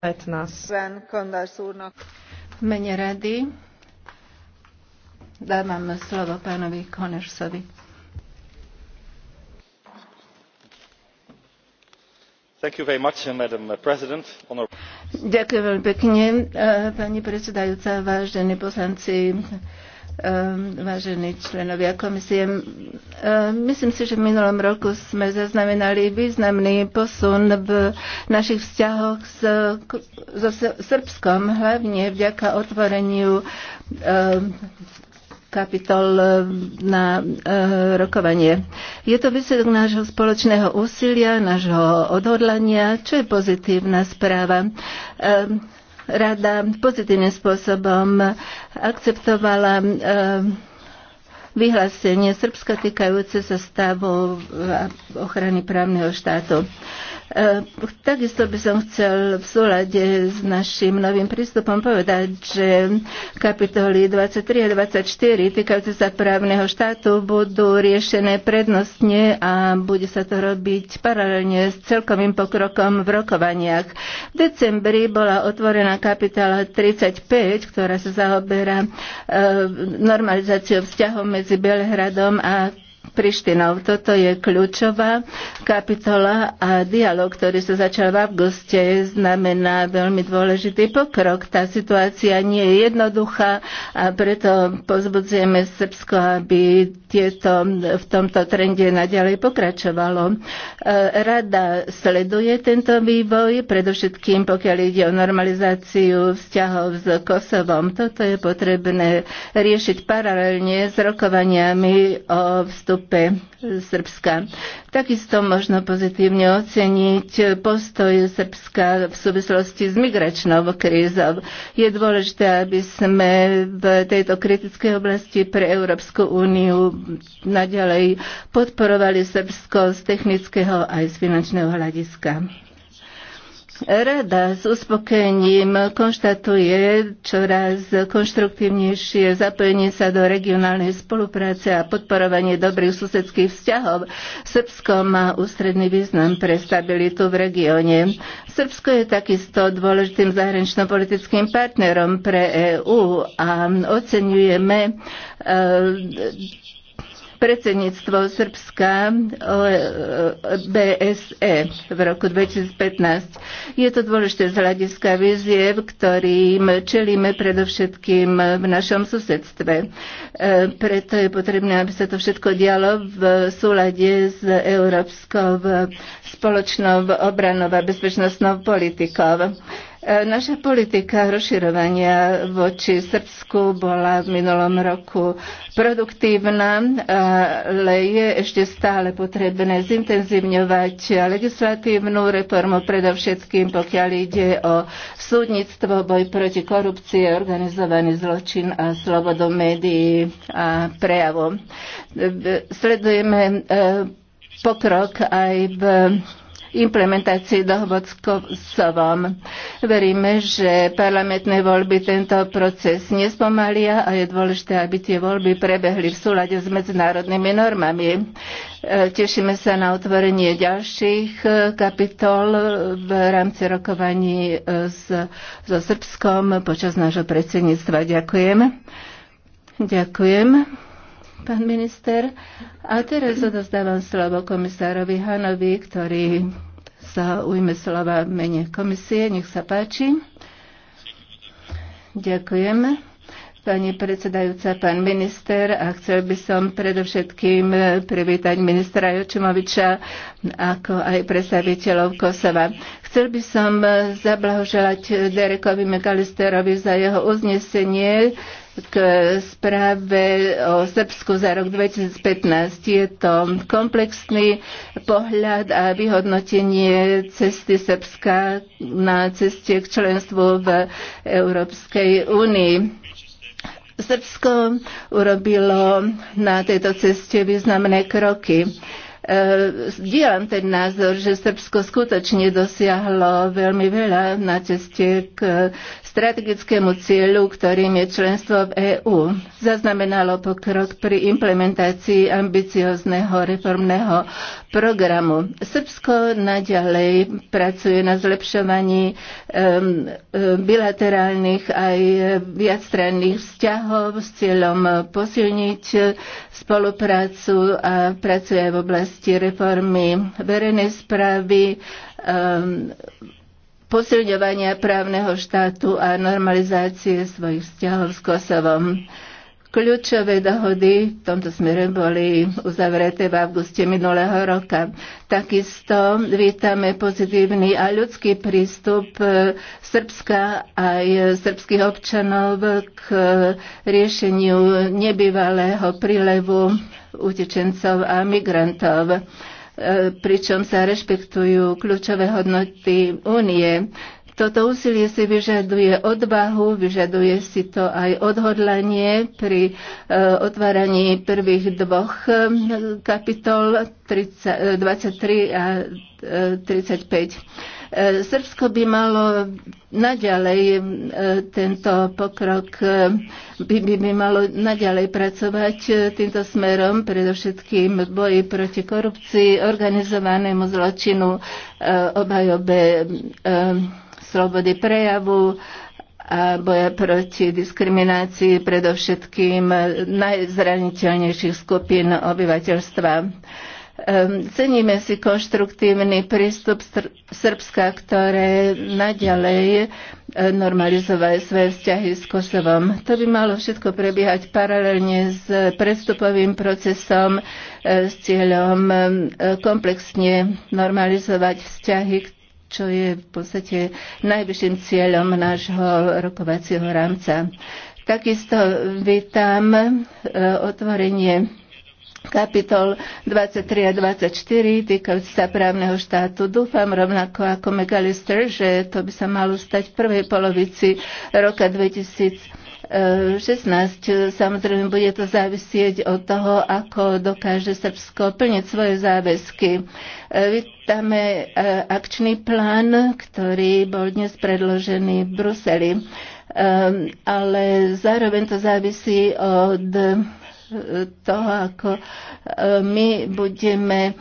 15. V mene rady dávam slovo pánovi Konersovi. Much, Ďakujem veľmi pekne, eh, pani predsedajúca, vážení poslanci. Ehm, vážení členovia komisie. Ehm, myslím si, že v minulom roku sme zaznamenali významný posun v našich vzťahoch s, so Srbskom, hlavne vďaka otvoreniu ehm, kapitol na rokovanie. Je to výsledok nášho spoločného úsilia, nášho odhodlania, čo je pozitívna správa rada pozitívnym spôsobom akceptovala eh, vyhlásenie Srbska týkajúce sa stavu ochrany právneho štátu. Eh, takisto by som chcel v súlade s našim novým prístupom povedať, že kapitoly 23 a 24 týkajúce sa právneho štátu budú riešené prednostne a bude sa to robiť paralelne s celkovým pokrokom v rokovaniach. V decembri bola otvorená kapitola 35, ktorá sa zaoberá eh, normalizáciou vzťahov medzi Belehradom a Prištinov. Toto je kľúčová kapitola a dialog, ktorý sa začal v auguste, znamená veľmi dôležitý pokrok. Tá situácia nie je jednoduchá a preto pozbudzujeme Srbsko, aby tieto, v tomto trende naďalej pokračovalo. E, Rada sleduje tento vývoj, predovšetkým pokiaľ ide o normalizáciu vzťahov s Kosovom. Toto je potrebné riešiť paralelne s rokovaniami o vstupu grupe Srbska. Takisto možno pozitívne oceniť postoj Srbska v súvislosti s migračnou krízou. Je dôležité, aby sme v tejto kritickej oblasti pre Európsku úniu naďalej podporovali Srbsko z technického aj z finančného hľadiska. Rada s uspokojením konštatuje čoraz konštruktívnejšie zapojenie sa do regionálnej spolupráce a podporovanie dobrých susedských vzťahov. Srbsko má ústredný význam pre stabilitu v regióne. Srbsko je takisto dôležitým zahranično-politickým partnerom pre EÚ a oceňujeme e, predsedníctvo Srbska BSE e, e v roku 2015. Je to dôležité z hľadiska výziev, ktorým čelíme predovšetkým v našom susedstve. E, preto je potrebné, aby sa to všetko dialo v súlade s európskou spoločnou obranou a bezpečnostnou politikou. Naša politika rozširovania voči Srbsku bola v minulom roku produktívna, ale je ešte stále potrebné zintenzívňovať legislatívnu reformu, predovšetkým pokiaľ ide o súdnictvo, boj proti korupcie, organizovaný zločin a slobodu médií a prejavu. Sledujeme eh, pokrok aj v implementácii dohovod s Kosovom. Veríme, že parlamentné voľby tento proces nespomalia a je dôležité, aby tie voľby prebehli v súlade s medzinárodnými normami. E, tešíme sa na otvorenie ďalších e, kapitol v rámci rokovaní e, s, so Srbskom počas nášho predsedníctva. Ďakujem. Ďakujem, pán minister. A teraz odozdávam slovo komisárovi Hanovi, ktorý sa ujme slova v mene komisie. Nech sa páči. Ďakujem. Pani predsedajúca, pán minister, a chcel by som predovšetkým privítať ministra Jočimoviča ako aj predstaviteľov Kosova. Chcel by som zablahoželať Derekovi Megalisterovi za jeho uznesenie, k správe o Srbsku za rok 2015. Je to komplexný pohľad a vyhodnotenie cesty Srbska na ceste k členstvu v Európskej únii. Srbsko urobilo na tejto ceste významné kroky Zdieľam e, ten názor, že Srbsko skutočne dosiahlo veľmi veľa na ceste k strategickému cieľu, ktorým je členstvo v EÚ. Zaznamenalo pokrok pri implementácii ambiciozného reformného programu. Srbsko naďalej pracuje na zlepšovaní bilaterálnych aj viacstranných vzťahov s cieľom posilniť spoluprácu a pracuje aj v oblasti reformy verejnej správy posilňovania právneho štátu a normalizácie svojich vzťahov s Kosovom. Kľúčové dohody v tomto smere boli uzavreté v auguste minulého roka. Takisto vítame pozitívny a ľudský prístup e, Srbska aj srbských občanov k riešeniu nebývalého prílevu utečencov a migrantov e, pričom sa rešpektujú kľúčové hodnoty únie. Toto úsilie si vyžaduje odvahu, vyžaduje si to aj odhodlanie pri e, otváraní prvých dvoch e, kapitol 30, 23 e, a 35. Srbsko by malo naďalej tento pokrok, by, by, by malo naďalej pracovať týmto smerom, predovšetkým boji proti korupcii, organizovanému zločinu, obhajobe slobody prejavu a boja proti diskriminácii predovšetkým najzraniteľnejších skupín obyvateľstva. Ceníme si konštruktívny prístup Srbska, ktoré naďalej e, normalizovať svoje vzťahy s Kosovom. To by malo všetko prebiehať paralelne s predstupovým procesom e, s cieľom e, komplexne normalizovať vzťahy, čo je v podstate najvyšším cieľom nášho rokovacieho rámca. Takisto vítam e, otvorenie kapitol 23 a 24 týkajúci sa právneho štátu. Dúfam rovnako ako Megalister, že to by sa malo stať v prvej polovici roka 2000 16. Samozrejme, bude to závisieť od toho, ako dokáže Srbsko plniť svoje záväzky. E, vítame e, akčný plán, ktorý bol dnes predložený v Bruseli, e, ale zároveň to závisí od toho, ako e, my budeme e,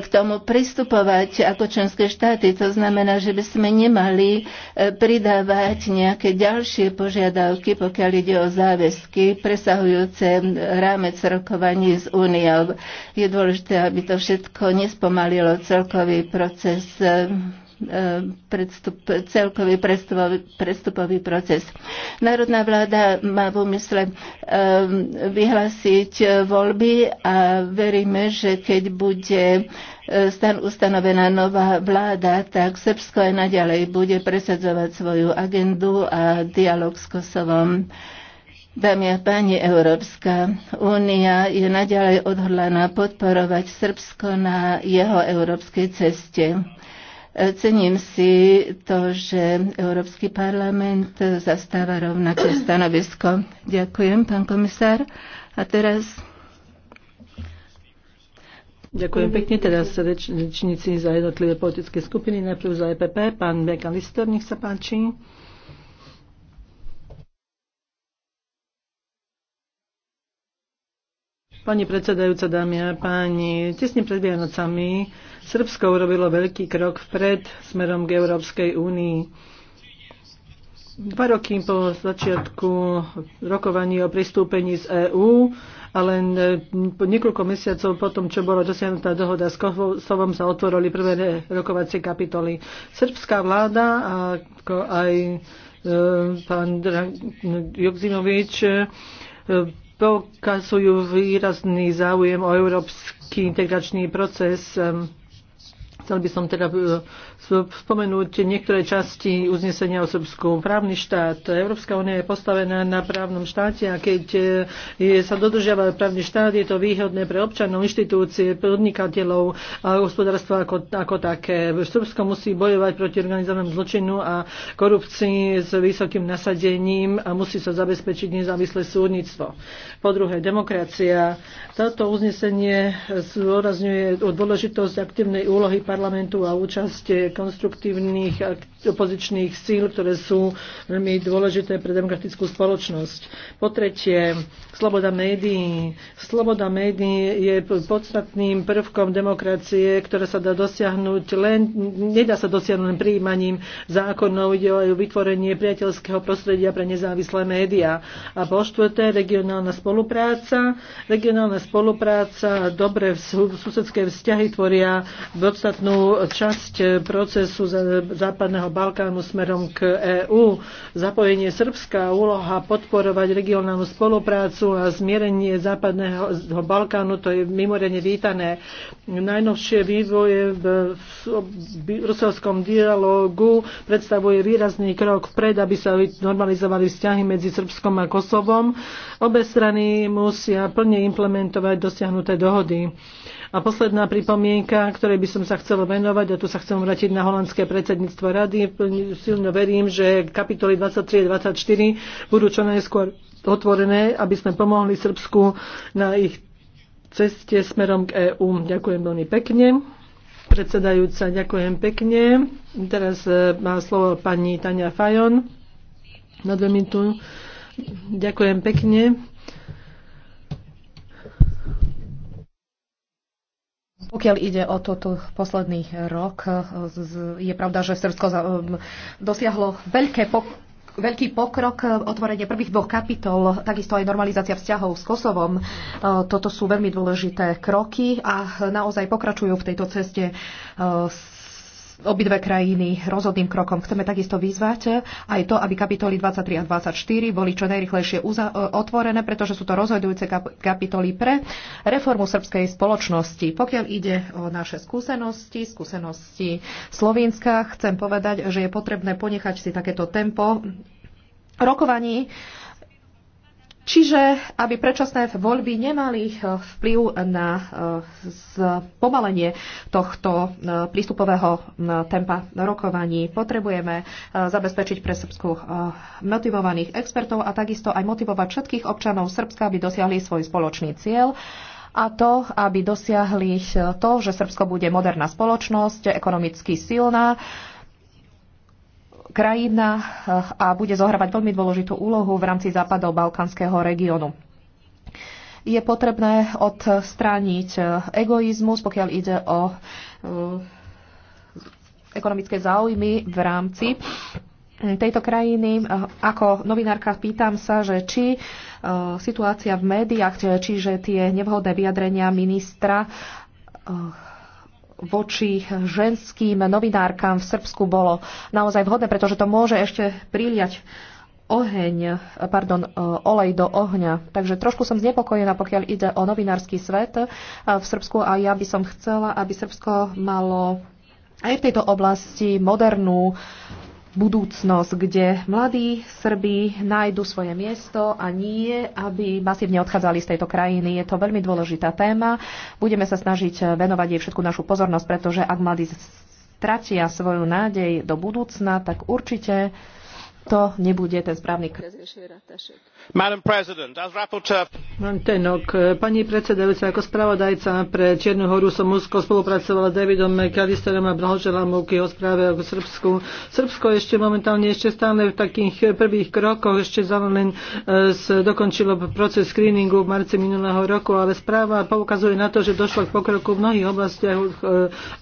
k tomu pristupovať ako členské štáty. To znamená, že by sme nemali e, pridávať nejaké ďalšie požiadavky, pokiaľ ide o záväzky presahujúce rámec rokovaní s úniou. Je dôležité, aby to všetko nespomalilo celkový proces predstup, celkový prestupový, prestupový proces. Národná vláda má v úmysle um, vyhlásiť uh, voľby a veríme, že keď bude uh, stan ustanovená nová vláda, tak Srbsko aj naďalej bude presadzovať svoju agendu a dialog s Kosovom. Dámy a páni, Európska únia je naďalej odhodlaná podporovať Srbsko na jeho európskej ceste. Cením si to, že Európsky parlament zastáva rovnaké stanovisko. Ďakujem, pán komisár. A teraz Ďakujem pekne teraz rečníci za jednotlivé politické skupiny. Najprv za EPP, pán Lister, nech sa páči. Pani predsedajúca, dámy a páni, tesne pred Vianocami Srbsko urobilo veľký krok vpred smerom k Európskej únii. Dva roky po začiatku rokovaní o pristúpení z EÚ a len e, niekoľko mesiacov po tom, čo bola dosiahnutá dohoda s Kosovom, sa otvorili prvé rokovacie kapitoly. Srbská vláda ako aj e, pán Jokzinovič, e, pokazujú výrazný záujem o európsky integračný proces Chcel by som teda e, spomenúť niektoré časti uznesenia o Srbsku. Právny štát. Európska únia je postavená na právnom štáte a keď e, je, sa dodržiava právny štát, je to výhodné pre občanov, inštitúcie, podnikateľov a hospodárstva ako, ako také. Srbsko musí bojovať proti organizovanému zločinu a korupcii s vysokým nasadením a musí sa zabezpečiť nezávislé súdnictvo. Po druhé, demokracia. Toto uznesenie zdôrazňuje dôležitosť aktívnej úlohy parlamentu a účasti konstruktívnych opozičných síl, ktoré sú veľmi dôležité pre demokratickú spoločnosť. Po tretie, sloboda médií. Sloboda médií je podstatným prvkom demokracie, ktoré sa dá dosiahnuť len, nedá sa dosiahnuť len prijímaním zákonov, ide o vytvorenie priateľského prostredia pre nezávislé médiá. A po štvrté, regionálna spolupráca. Regionálna spolupráca a dobré susedské vzťahy tvoria podstatnú časť pro procesu Západného Balkánu smerom k EÚ. Zapojenie Srbska, úloha podporovať regionálnu spoluprácu a zmierenie Západného Balkánu, to je mimoriadne vítané. Najnovšie vývoje v ruselskom dialogu predstavuje výrazný krok vpred, aby sa normalizovali vzťahy medzi Srbskom a Kosovom. Obe strany musia plne implementovať dosiahnuté dohody. A posledná pripomienka, ktorej by som sa chcela venovať, a tu sa chcem vrátiť na holandské predsedníctvo rady, silno verím, že kapitoly 23 a 24 budú čo najskôr otvorené, aby sme pomohli Srbsku na ich ceste smerom k EÚ. Ďakujem veľmi pekne. Predsedajúca, ďakujem pekne. Teraz e, má slovo pani Tania Fajon na dve minúty. Ďakujem pekne. Pokiaľ ide o toto posledný rok, je pravda, že Srbsko um, dosiahlo veľké pok- veľký pokrok, otvorenie prvých dvoch kapitol, takisto aj normalizácia vzťahov s Kosovom. E, toto sú veľmi dôležité kroky a naozaj pokračujú v tejto ceste e, s obidve krajiny rozhodným krokom. Chceme takisto vyzvať aj to, aby kapitoly 23 a 24 boli čo najrychlejšie e, otvorené, pretože sú to rozhodujúce kapitoly pre reformu srbskej spoločnosti. Pokiaľ ide o naše skúsenosti, skúsenosti Slovenska, chcem povedať, že je potrebné ponechať si takéto tempo rokovaní Čiže, aby predčasné voľby nemali eh, vplyv na eh, pomalenie tohto eh, prístupového mm, tempa rokovaní, potrebujeme zabezpečiť pre Srbsku motivovaných expertov a takisto aj motivovať všetkých občanov Srbska, aby dosiahli svoj spoločný cieľ a to, aby dosiahli to, že Srbsko bude moderná spoločnosť, ekonomicky silná, krajina eh, a bude zohrávať veľmi dôležitú úlohu v rámci západov balkánskeho regiónu je potrebné odstrániť eh, egoizmus, pokiaľ ide o eh, ekonomické záujmy v rámci tejto krajiny. Ako novinárka pýtam sa, že či situácia v médiách, čiže tie nevhodné vyjadrenia ministra voči ženským novinárkam v Srbsku bolo naozaj vhodné, pretože to môže ešte priliať oheň, pardon, e, olej do ohňa. Takže trošku som znepokojená, pokiaľ ide o novinársky svet e, v Srbsku a ja by som chcela, aby Srbsko malo aj v tejto oblasti modernú budúcnosť, kde mladí Srbi nájdu svoje miesto a nie, aby masívne odchádzali z tejto krajiny. Je to veľmi dôležitá téma. Budeme sa snažiť venovať jej všetku našu pozornosť, pretože ak mladí stratia svoju nádej do budúcna, tak určite to nebude ten správny krok. Pani predsedajúca, ako spravodajca pre Čiernu horu som úzko spolupracovala s Davidom McAllisterom a blahoželám mu k jeho správe o Srbsku. Srbsko ešte momentálne ešte stále v takých prvých krokoch, ešte za len e, dokončilo proces screeningu v marci minulého roku, ale správa poukazuje na to, že došlo k pokroku v mnohých oblastiach, e,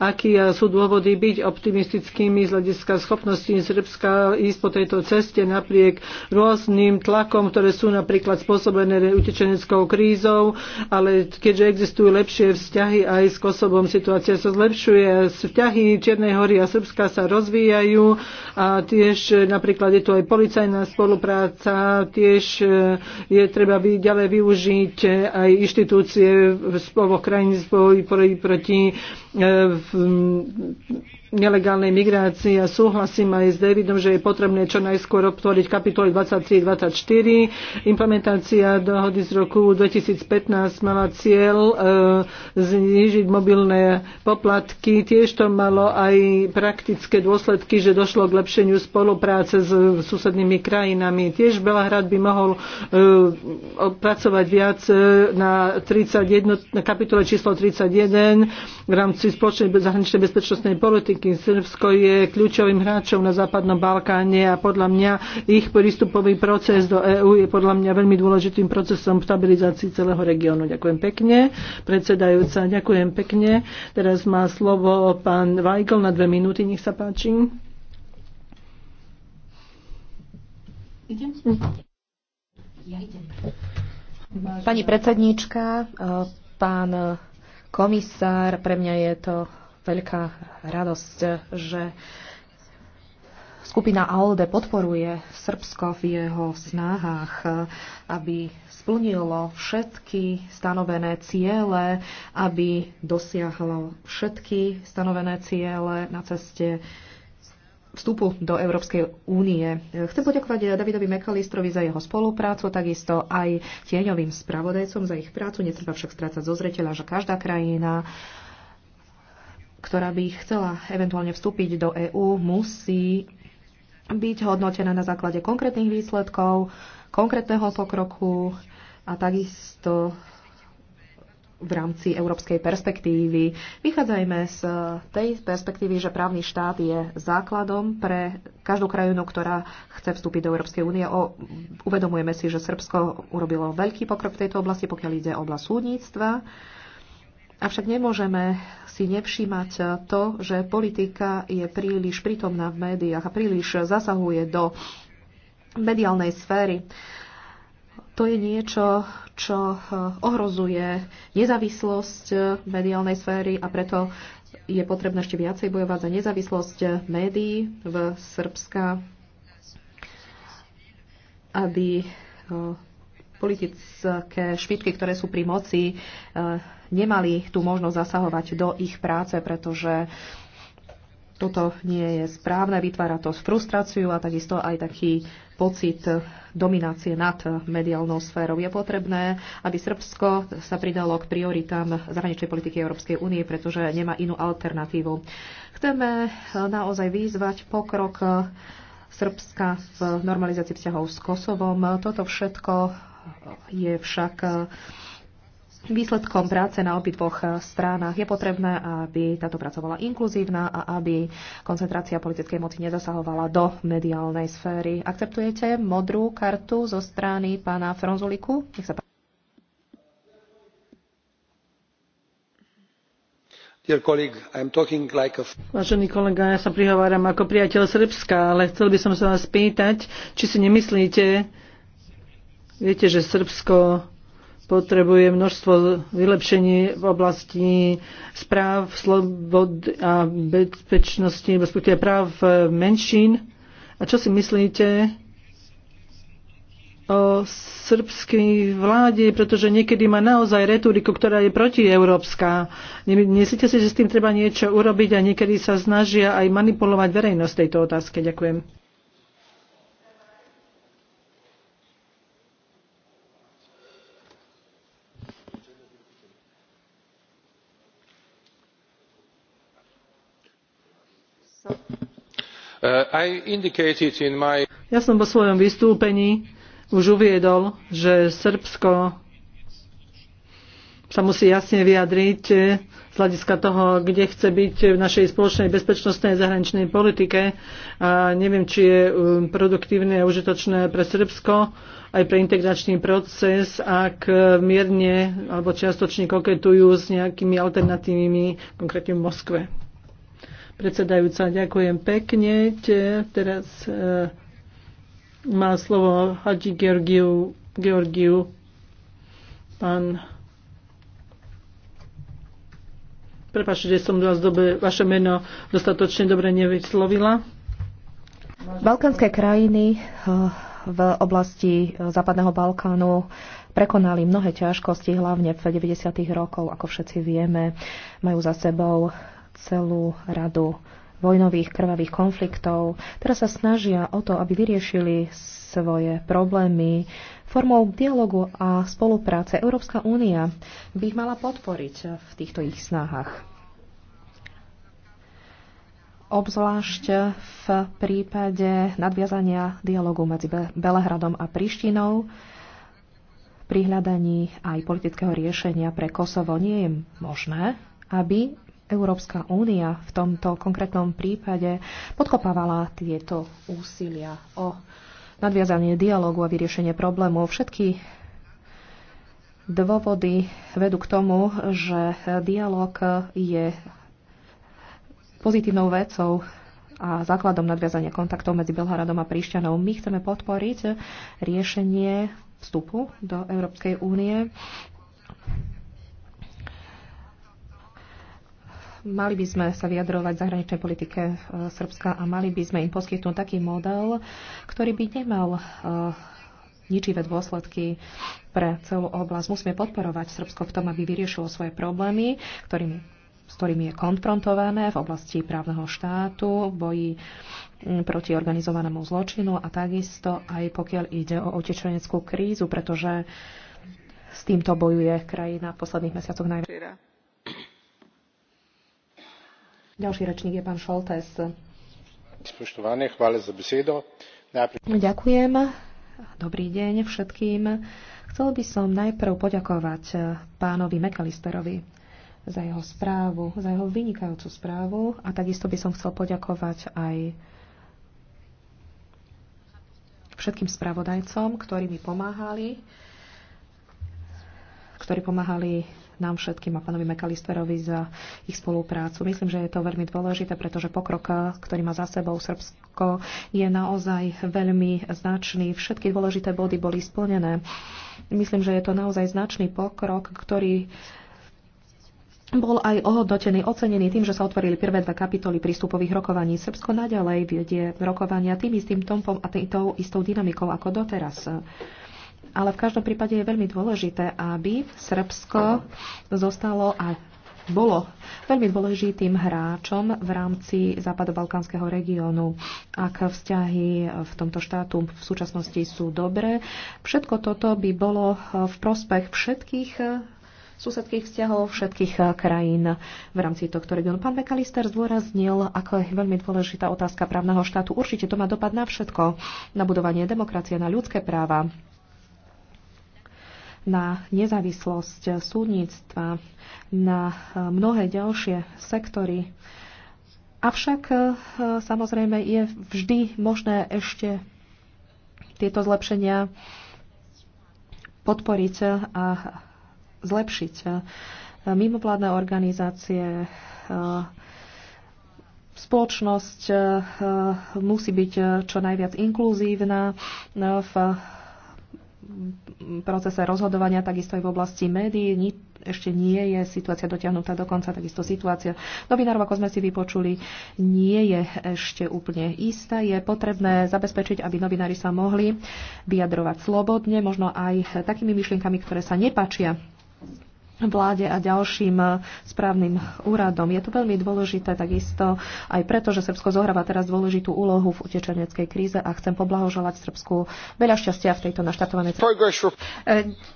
aký sú dôvody byť optimistickými z hľadiska schopnosti Srbska ísť po tejto ceste napriek rôznym tlakom, ktoré sú napríklad spôsobené utečeneckou krízou, ale keďže existujú lepšie vzťahy aj s Kosovom, situácia sa zlepšuje. Vzťahy Čiernej hory a Srbska sa rozvíjajú a tiež napríklad je tu aj policajná spolupráca, tiež e, je treba ďalej využiť aj inštitúcie v spoloch krajín proti e, v, nelegálnej migrácie a súhlasím aj s Davidom, že je potrebné čo najskôr obtvoriť kapitoly 23-24. Implementácia dohody z roku 2015 mala cieľ e, znižiť mobilné poplatky. Tiež to malo aj praktické dôsledky, že došlo k lepšeniu spolupráce s e, susednými krajinami. Tiež Belahrad by mohol e, pracovať viac e, na, 31, na kapitole číslo 31 v rámci spoločnej zahraničnej bezpečnostnej politiky republiky. Srbsko je kľúčovým hráčom na Západnom Balkáne a podľa mňa ich prístupový proces do EÚ je podľa mňa veľmi dôležitým procesom v stabilizácii celého regiónu. Ďakujem pekne. Predsedajúca, ďakujem pekne. Teraz má slovo pán Vajgl na dve minúty, nech sa páči. Pani predsedníčka, pán komisár, pre mňa je to veľká radosť, že skupina ALDE podporuje Srbsko v jeho snahách, aby splnilo všetky stanovené ciele, aby dosiahlo všetky stanovené ciele na ceste vstupu do Európskej únie. Chcem poďakovať Davidovi Mekalistrovi za jeho spoluprácu, takisto aj tieňovým spravodajcom za ich prácu. Netreba však strácať zo zreteľa, že každá krajina ktorá by chcela eventuálne vstúpiť do EÚ, musí byť hodnotená na základe konkrétnych výsledkov, konkrétneho pokroku a takisto v rámci európskej perspektívy. Vychádzajme z tej perspektívy, že právny štát je základom pre každú krajinu, ktorá chce vstúpiť do Európskej únie. O, uvedomujeme si, že Srbsko urobilo veľký pokrok v tejto oblasti, pokiaľ ide o oblasť súdnictva. Avšak nemôžeme si nevšímať to, že politika je príliš prítomná v médiách a príliš zasahuje do mediálnej sféry. To je niečo, čo ohrozuje nezávislosť mediálnej sféry a preto je potrebné ešte viacej bojovať za nezávislosť médií v Srbska, aby eh, politické špičky, ktoré sú pri moci, eh, nemali tú možnosť zasahovať do ich práce, pretože toto nie je správne, vytvára to frustráciu a takisto aj taký pocit dominácie nad mediálnou sférou. Je potrebné, aby Srbsko sa pridalo k prioritám zahraničnej politiky Európskej únie, pretože nemá inú alternatívu. Chceme naozaj vyzvať pokrok Srbska v normalizácii vzťahov s Kosovom. Toto všetko je však Výsledkom práce na obidvoch eh, stranách je potrebné, aby táto práca bola inkluzívna a aby koncentrácia politickej moci nezasahovala do mediálnej sféry. Akceptujete modrú kartu zo strany pána Fronzuliku? Nech sa Vážený kolega, ja sa prihováram ako priateľ Srbska, ale chcel by som sa vás pýtať, či si nemyslíte, viete, že Srbsko potrebuje množstvo vylepšení v oblasti správ, slobod a bezpečnosti, respektíve práv menšín. A čo si myslíte o srbskej vláde, pretože niekedy má naozaj retoriku, ktorá je protieurópska. Myslíte si, že s tým treba niečo urobiť a niekedy sa snažia aj manipulovať verejnosť tejto otázke? Ďakujem. Ja som vo svojom vystúpení už uviedol, že Srbsko sa musí jasne vyjadriť eh, z hľadiska toho, kde chce byť v našej spoločnej bezpečnostnej a zahraničnej politike. A neviem, či je eh, produktívne a užitočné pre Srbsko aj pre integračný proces, ak eh, mierne alebo čiastočne koketujú s nejakými alternatívnymi, konkrétne v Moskve. Predsedajúca, ďakujem pekne. Teraz e, má slovo Hadži Georgiu, Georgiu pán Prepašte, že som vás dobe, vaše meno dostatočne dobre nevyslovila. Balkánske krajiny e, v oblasti e, Západného Balkánu prekonali mnohé ťažkosti, hlavne v 90. rokoch, ako všetci vieme, majú za sebou celú radu vojnových krvavých konfliktov. Teraz sa snažia o to, aby vyriešili svoje problémy formou dialogu a spolupráce. Európska únia by ich mala podporiť v týchto ich snahách. Obzvlášť v prípade nadviazania dialogu medzi Belehradom a Prištinou pri hľadaní aj politického riešenia pre Kosovo nie je možné, aby Európska únia v tomto konkrétnom prípade podkopávala tieto úsilia o nadviazanie dialogu a vyriešenie problémov. Všetky dôvody vedú k tomu, že dialog je pozitívnou vecou a základom nadviazania kontaktov medzi Belhradom a Príšťanou. My chceme podporiť riešenie vstupu do Európskej únie mali by sme sa vyjadrovať v zahraničnej politike e, Srbska a mali by sme im poskytnúť taký model, ktorý by nemal e, ničivé dôsledky pre celú oblasť. Musíme podporovať Srbsko v tom, aby vyriešilo svoje problémy, ktorými, s ktorými je konfrontované v oblasti právneho štátu, v boji proti organizovanému zločinu a takisto aj pokiaľ ide o utečeneckú krízu, pretože s týmto bojuje krajina v posledných mesiacoch najmä. Ďalší rečník je pán Šoltes. Spoštovanie, hvala za besedo. Ďakujem. Dobrý deň všetkým. Chcel by som najprv poďakovať pánovi Mekalisterovi za jeho správu, za jeho vynikajúcu správu a takisto by som chcel poďakovať aj všetkým spravodajcom, ktorí mi pomáhali, ktorí pomáhali nám všetkým a pánovi Mekalisterovi za ich spoluprácu. Myslím, že je to veľmi dôležité, pretože pokrok, eh, ktorý má za sebou Srbsko, je naozaj veľmi značný. Všetky dôležité body boli splnené. Myslím, že je to naozaj značný pokrok, ktorý bol aj ohodnotený, ocenený tým, že sa otvorili prvé dva kapitoly prístupových rokovaní. Srbsko naďalej vedie rokovania tým istým tempom a tou istou dynamikou ako doteraz ale v každom prípade je veľmi dôležité, aby Srbsko zostalo a bolo veľmi dôležitým hráčom v rámci západobalkánskeho regiónu. Ak vzťahy v tomto štátu v súčasnosti sú dobré, všetko toto by bolo v prospech všetkých susedských vzťahov všetkých krajín v rámci tohto regiónu. Pán Mekalister zdôraznil, ako je veľmi dôležitá otázka právneho štátu. Určite to má dopad na všetko, na budovanie demokracie, na ľudské práva, na nezávislosť súdnictva, na eh, mnohé ďalšie sektory. Avšak eh, samozrejme je vždy možné ešte tieto zlepšenia podporiť a zlepšiť. Eh, mimovládne organizácie, spoločnosť musí byť čo najviac inkluzívna v procese rozhodovania, takisto aj v oblasti médií. Ni, ešte nie je situácia dotiahnutá do konca, takisto situácia novinárov, ako sme si vypočuli, nie je ešte úplne istá. Je potrebné zabezpečiť, aby novinári sa mohli vyjadrovať slobodne, možno aj takými myšlienkami, ktoré sa nepačia vláde a ďalším eh, správnym úradom. Je to veľmi dôležité takisto aj preto, že Srbsko zohráva teraz dôležitú úlohu v utečeneckej kríze a chcem poblahoželať Srbsku veľa šťastia v tejto naštartovanej eh,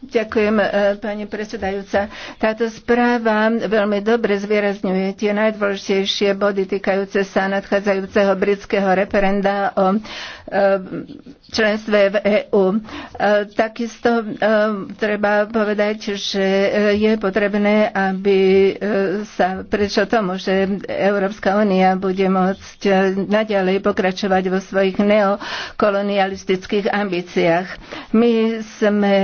Ďakujem, eh, pani predsedajúca. Táto správa veľmi dobre zvýrazňuje tie najdôležitejšie body týkajúce sa nadchádzajúceho britského referenda o členstve v EÚ. Takisto treba povedať, že je je potrebné, aby e, sa prečo tomu, že Európska únia bude môcť e, naďalej pokračovať vo svojich neokolonialistických ambíciách. My sme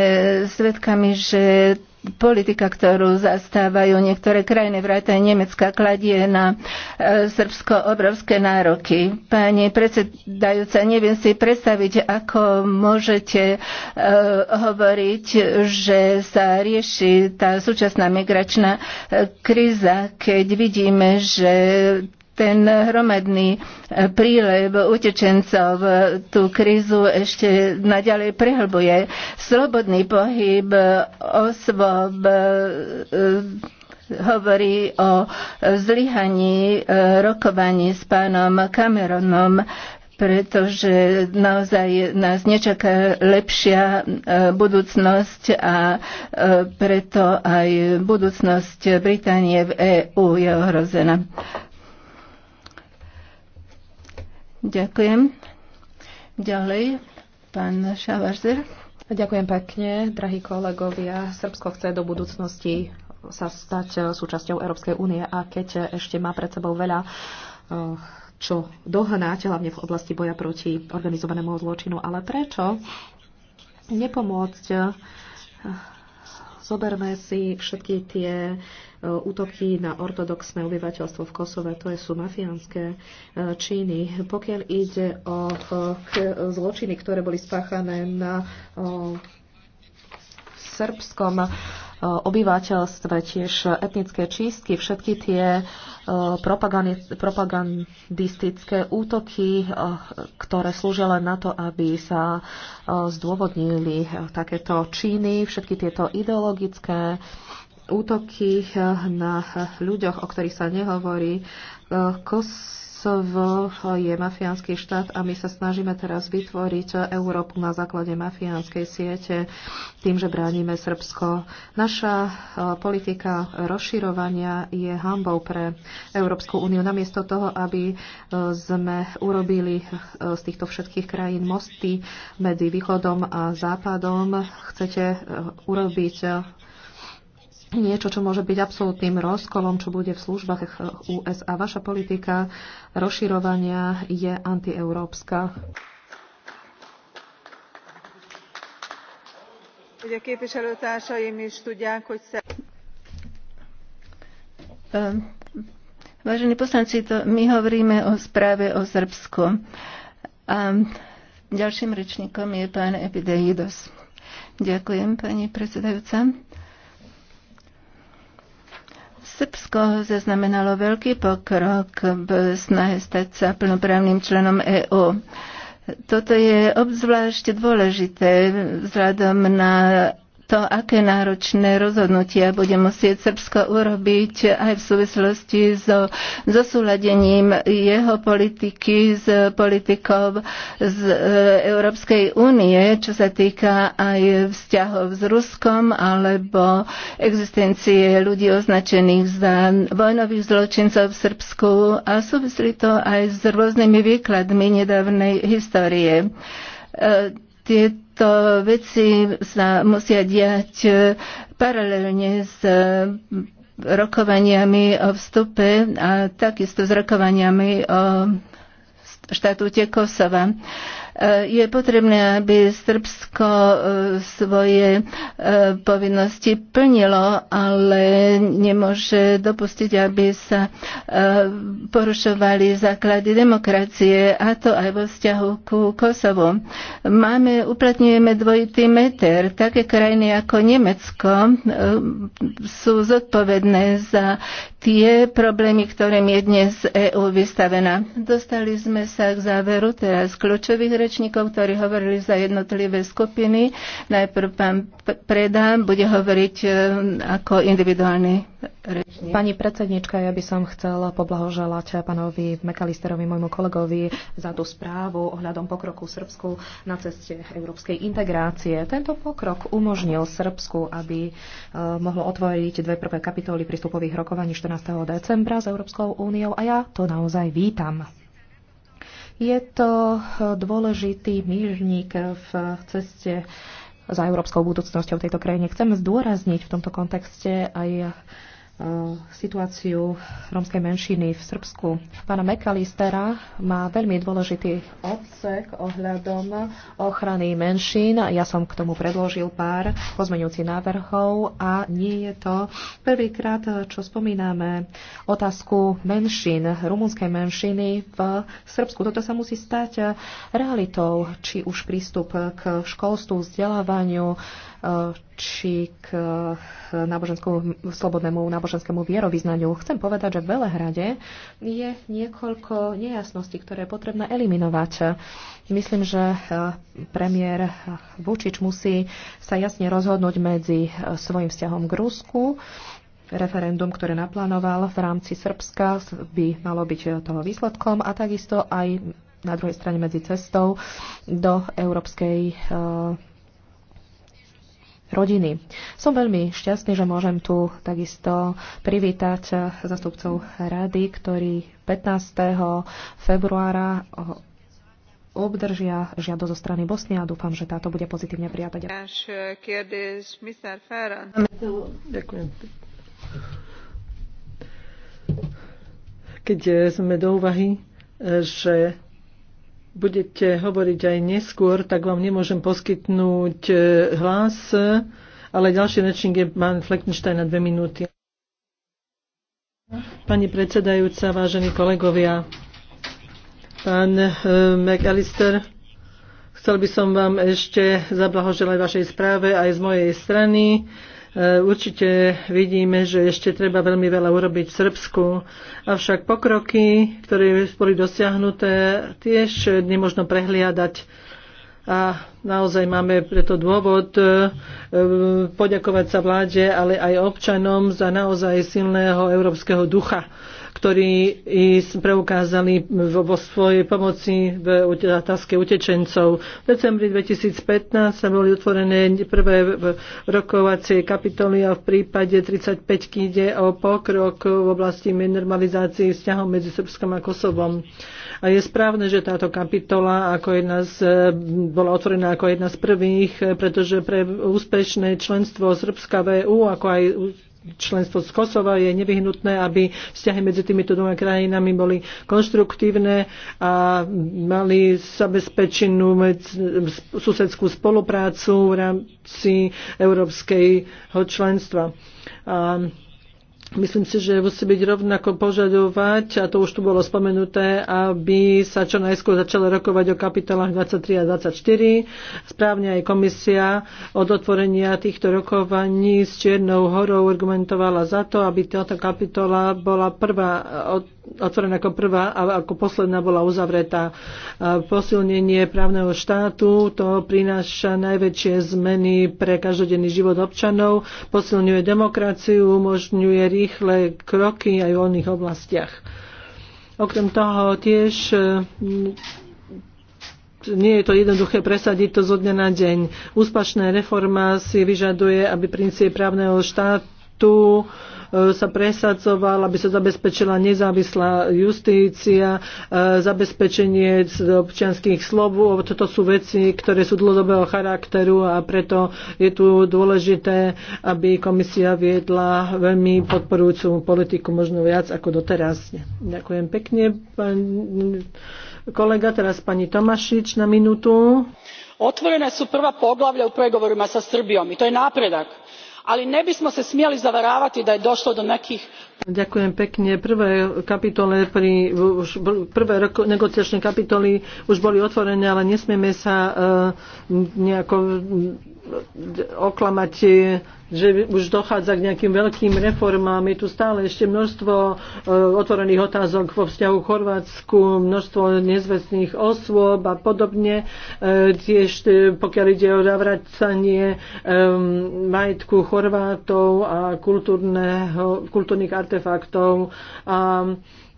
svedkami, že politika, ktorú zastávajú niektoré krajiny, vrátane Nemecka, kladie na e, Srbsko obrovské nároky. Pani predsedajúca, neviem si predstaviť, ako môžete e, hovoriť, že sa rieši tá súčasná migračná e, kríza, keď vidíme, že ten hromadný e, prílev utečencov e, tú krízu ešte naďalej prehlbuje. Slobodný pohyb e, osôb hovorí o zlyhaní rokovaní s pánom Cameronom pretože naozaj nás nečaká lepšia budúcnosť a preto aj budúcnosť Británie v EÚ je ohrozená. Ďakujem. Ďalej, pán Šavarzer. Ďakujem pekne, drahí kolegovia. Srbsko chce do budúcnosti sa stať eh, súčasťou Európskej únie a keď ešte má pred sebou veľa eh, čo dohnať, hlavne v oblasti boja proti organizovanému zločinu. Ale prečo nepomôcť? Eh, zoberme si všetky tie uh, E, útoky na ortodoxné obyvateľstvo v Kosove. To sú mafiánske e, činy. Pokiaľ ide o e, zločiny, ktoré boli spáchané na srbskom obyvateľstve, tiež etnické čistky, všetky tie propagandistické útoky, ktoré slúžia len na to, aby sa zdôvodnili takéto činy, všetky tieto ideologické útoky eh, na eh, ľuďoch, o ktorých sa nehovorí. Eh, Kosovo je mafiánsky štát a my sa snažíme teraz vytvoriť Európu na základe mafiánskej siete tým, že bránime Srbsko. Naša politika rozširovania je hambou pre Európsku úniu. Namiesto toho, aby sme urobili z týchto všetkých krajín mosty medzi východom a západom, chcete urobiť niečo, čo môže byť absolútnym rozkolom, čo bude v službách USA. Vaša politika rozširovania je antieurópska. Vážení poslanci, to my hovoríme o správe o Srbsku. A ďalším rečníkom je pán Epideidos. Ďakujem, pani predsedajúca. Srbsko zaznamenalo veľký pokrok v snahe stať sa plnoprávnym členom EÚ. Toto je obzvlášť dôležité vzhľadom na to, aké náročné rozhodnutia bude musieť Srbsko urobiť aj v súvislosti so zosúladením jeho politiky s politikou z e, Európskej únie, čo sa týka aj vzťahov s Ruskom alebo existencie ľudí označených za vojnových zločincov v Srbsku a súvislí to aj s rôznymi výkladmi nedávnej histórie e, tieto veci sa musia diať e, paralelne s e, rokovaniami o vstupe a takisto s rokovaniami o štatúte Kosova. Eh, je potrebné, aby Srbsko eh, svoje eh, povinnosti plnilo, ale nemôže dopustiť, aby sa porušovali základy demokracie, a to aj vo vzťahu ku Kosovu. Máme, uplatňujeme dvojitý meter. Také krajiny ako Nemecko sú zodpovedné za tie problémy, ktorým je dnes EÚ vystavená. Dostali sme sa k záveru teraz kľúčových rečníkov, ktorí hovorili za jednotlivé skupiny. Najprv pán Preda bude hovoriť e, ako individuálny rečník. Pani predsednička, ja by som chcela poblahoželať pánovi Mekalisterovi, môjmu kolegovi, za tú správu ohľadom pokroku Srbsku na ceste európskej integrácie. Tento pokrok umožnil Srbsku, aby e, mohlo otvoriť dve prvé kapitoly prístupových rokovaní 14. decembra s Európskou úniou a ja to naozaj vítam. Je to eh, dôležitý mýžnik v ceste za európskou budúcnosťou tejto krajine. Chcem zdôrazniť v tomto kontexte aj Eh, situáciu rómskej menšiny v Srbsku. Pána Mekalistera má veľmi dôležitý odsek ohľadom ochrany menšín. Ja som k tomu predložil pár pozmeňujúcich návrhov a nie je to prvýkrát, čo spomíname otázku menšín, rumunskej menšiny v Srbsku. Toto sa musí stať realitou, či už prístup k školstvu, vzdelávaniu, či k eh, náboženskému, slobodnému náboženskému vierovýznaniu. Chcem povedať, že v Belehrade je niekoľko nejasností, ktoré je potrebné eliminovať. Myslím, že eh, premiér Vučič musí sa jasne rozhodnúť medzi eh, svojim vzťahom k Rusku referendum, ktoré naplánoval v rámci Srbska, by malo byť toho výsledkom a takisto aj na druhej strane medzi cestou do Európskej rodiny. Som veľmi šťastný, že môžem tu takisto privítať zastupcov rady, ktorí 15. februára obdržia žiadosť zo strany Bosny a dúfam, že táto bude pozitívne prijatá. Ďakujem. Keď sme do úvahy, že budete hovoriť aj neskôr, tak vám nemôžem poskytnúť e, hlas, ale ďalší rečník je pán Flechtenstein na dve minúty. Pani predsedajúca, vážení kolegovia, pán e, McAllister, chcel by som vám ešte zablahoželať vašej správe aj z mojej strany. Eh, určite vidíme, že ešte treba veľmi veľa urobiť v Srbsku, avšak pokroky, ktoré boli dosiahnuté, tiež nemôžno prehliadať. A naozaj máme preto dôvod eh, poďakovať sa vláde, ale aj občanom za naozaj silného európskeho ducha ktorí preukázali vo svojej pomoci v otázke utečencov. V decembri 2015 sa boli otvorené prvé rokovacie kapitoly a v prípade 35 ide o pokrok v oblasti normalizácie vzťahov medzi Srbskom a Kosovom. A je správne, že táto kapitola ako jedna z, bola otvorená ako jedna z prvých, pretože pre úspešné členstvo Srbska v EU, ako aj členstvo z Kosova je nevyhnutné, aby vzťahy medzi týmito dvoma krajinami boli konštruktívne a mali zabezpečenú susedskú spoluprácu v rámci európskeho členstva. A Myslím si, že musí byť rovnako požadovať, a to už tu bolo spomenuté, aby sa čo najskôr začalo rokovať o kapitolách 23 a 24. Správne aj komisia od otvorenia týchto rokovaní s Čiernou horou argumentovala za to, aby táto kapitola bola prvá od otvorená ako prvá a ako posledná bola uzavretá. Posilnenie právneho štátu to prináša najväčšie zmeny pre každodenný život občanov, posilňuje demokraciu, umožňuje rýchle kroky aj v voľných oblastiach. Okrem toho tiež mm, nie je to jednoduché presadiť to zo dňa na deň. Úspašná reforma si vyžaduje, aby princíp právneho štátu uh, E, sa presadzoval, aby sa zabezpečila nezávislá justícia, e, zabezpečenie občianských slov. Toto sú veci, ktoré sú dlhodobého charakteru a preto je tu dôležité, aby komisia viedla veľmi podporujúcu politiku možno viac ako doteraz. Ďakujem pekne, pán kolega. Teraz pani Tomašič na minútu otvorena sú prvá poglavlja u pregovorima sa srbijom i to je napredak ali ne bismo se smjeli zavaravati da je došlo do nekih Ďakujem pekne. Prvé kapitole pri, už, prvé negociačné kapitoly už boli otvorené, ale nesmieme sa uh, nejako mm, oklamať eh, že už dochádza k nejakým veľkým reformám. Je tu stále ešte množstvo eh, otvorených otázok vo vzťahu Chorvátsku, množstvo nezvestných osôb a podobne. Eh, tiež eh, pokiaľ ide o navracanie majetku Chorvátov a kultúrneho, kultúrnych artefaktov. A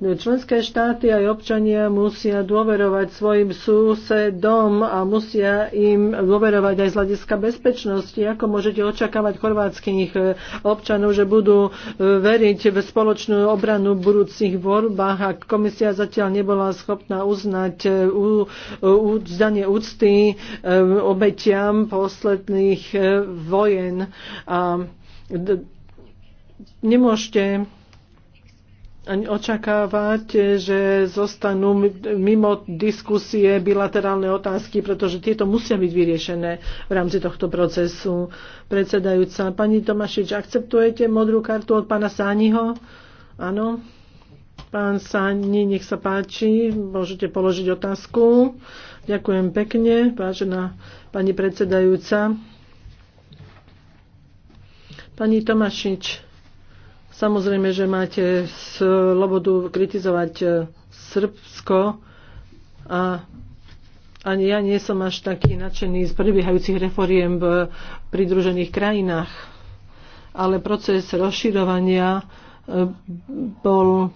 No, členské štáty aj občania musia dôverovať svojim susedom a musia im dôverovať aj z hľadiska bezpečnosti. Ako môžete očakávať chorvátskych eh, občanov, že budú eh, veriť v spoločnú obranu v budúcich voľbách, ak komisia zatiaľ nebola schopná uznať eh, zdanie úcty obetiam posledných vojen. A nemôžete očakávať, že zostanú mimo diskusie bilaterálne otázky, pretože tieto musia byť vyriešené v rámci tohto procesu. Predsedajúca, pani Tomašič, akceptujete modrú kartu od pána Sániho? Áno. Pán Sáni, nech sa páči, môžete položiť otázku. Ďakujem pekne, vážená pani predsedajúca. Pani Tomašič, Samozrejme, že máte slobodu kritizovať e, Srbsko a ani ja nie som až taký nadšený z prebiehajúcich reforiem v pridružených krajinách, ale proces rozširovania e, bol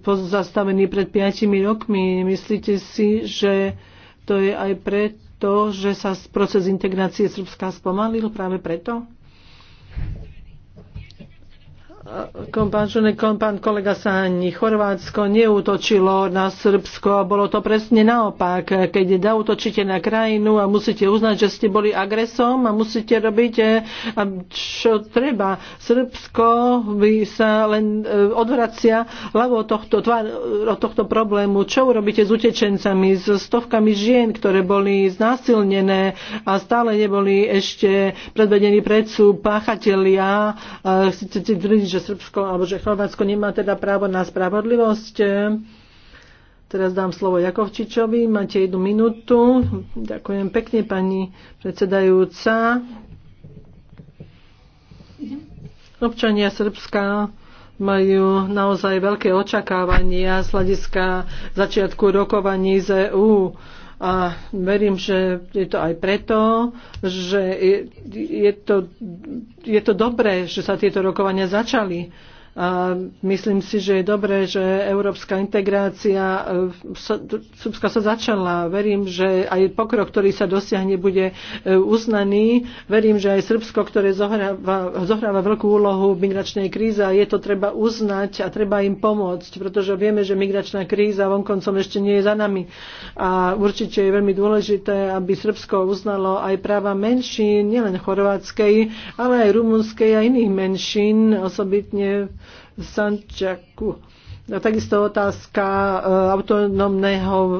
pozastavený pred 5 rokmi. Myslíte si, že to je aj preto, že sa proces integrácie Srbska spomalil práve preto? pán kolega Sáni, Chorvátsko neútočilo na Srbsko, a bolo to presne naopak. Keď zautočíte na krajinu a musíte uznať, že ste boli agresom a musíte robiť, e, čo treba. Srbsko by sa len e, odvracia ľavo tohto, od tohto problému. Čo urobíte s utečencami, s stovkami žien, ktoré boli znásilnené a stále neboli ešte predvedení pred sú páchatelia, že Srbsko alebo že Chorvátsko nemá teda právo na spravodlivosť. Teraz dám slovo Jakovčičovi. Máte jednu minútu. Ďakujem pekne, pani predsedajúca. Občania Srbska majú naozaj veľké očakávania z hľadiska začiatku rokovaní z EÚ a verím, že je to aj preto, že je, je, to, je to dobré, že sa tieto rokovania začali a myslím si, že je dobré, že európska integrácia e, Srbska sa začala. Verím, že aj pokrok, ktorý sa dosiahne, bude e, uznaný. Verím, že aj Srbsko, ktoré zohráva, zohráva veľkú úlohu v migračnej kríze, je to treba uznať a treba im pomôcť, pretože vieme, že migračná kríza vonkoncom ešte nie je za nami. A určite je veľmi dôležité, aby Srbsko uznalo aj práva menšín, nielen chorvátskej, ale aj rumunskej a iných menšín, osobitne Sančaku. A takisto otázka eh, autonómneho eh,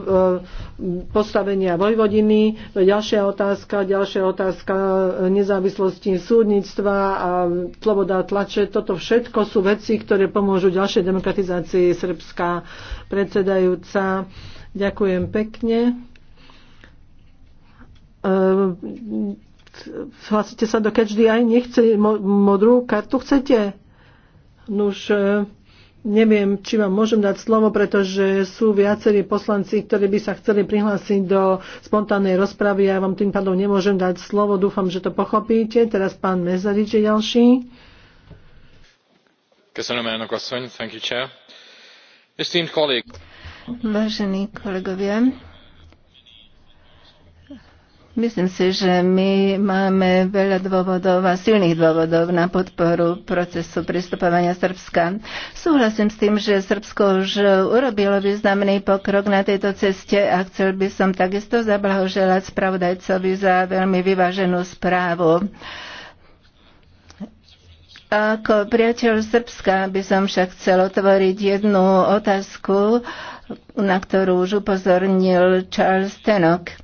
postavenia vojvodiny, ďalšia otázka, ďalšia otázka eh, nezávislosti súdnictva a sloboda tlače. Toto všetko sú veci, ktoré pomôžu ďalšej demokratizácii Srbská predsedajúca. Ďakujem pekne. Hlasíte sa do Catch aj? Nechce modrú kartu? Chcete? Nuž, e, neviem, či vám môžem dať slovo, pretože sú viacerí poslanci, ktorí by sa chceli prihlásiť do spontánnej rozpravy. Ja vám tým pádom nemôžem dať slovo. Dúfam, že to pochopíte. Teraz pán Mezarič je ďalší. Vážení kolegovia, Myslím si, že my máme veľa dôvodov a silných dôvodov na podporu procesu pristupovania Srbska. Súhlasím s tým, že Srbsko už urobilo významný pokrok na tejto ceste a chcel by som takisto zablahoželať spravodajcovi za veľmi vyváženú správu. Ako priateľ Srbska by som však chcel otvoriť jednu otázku, na ktorú už upozornil Charles Tenok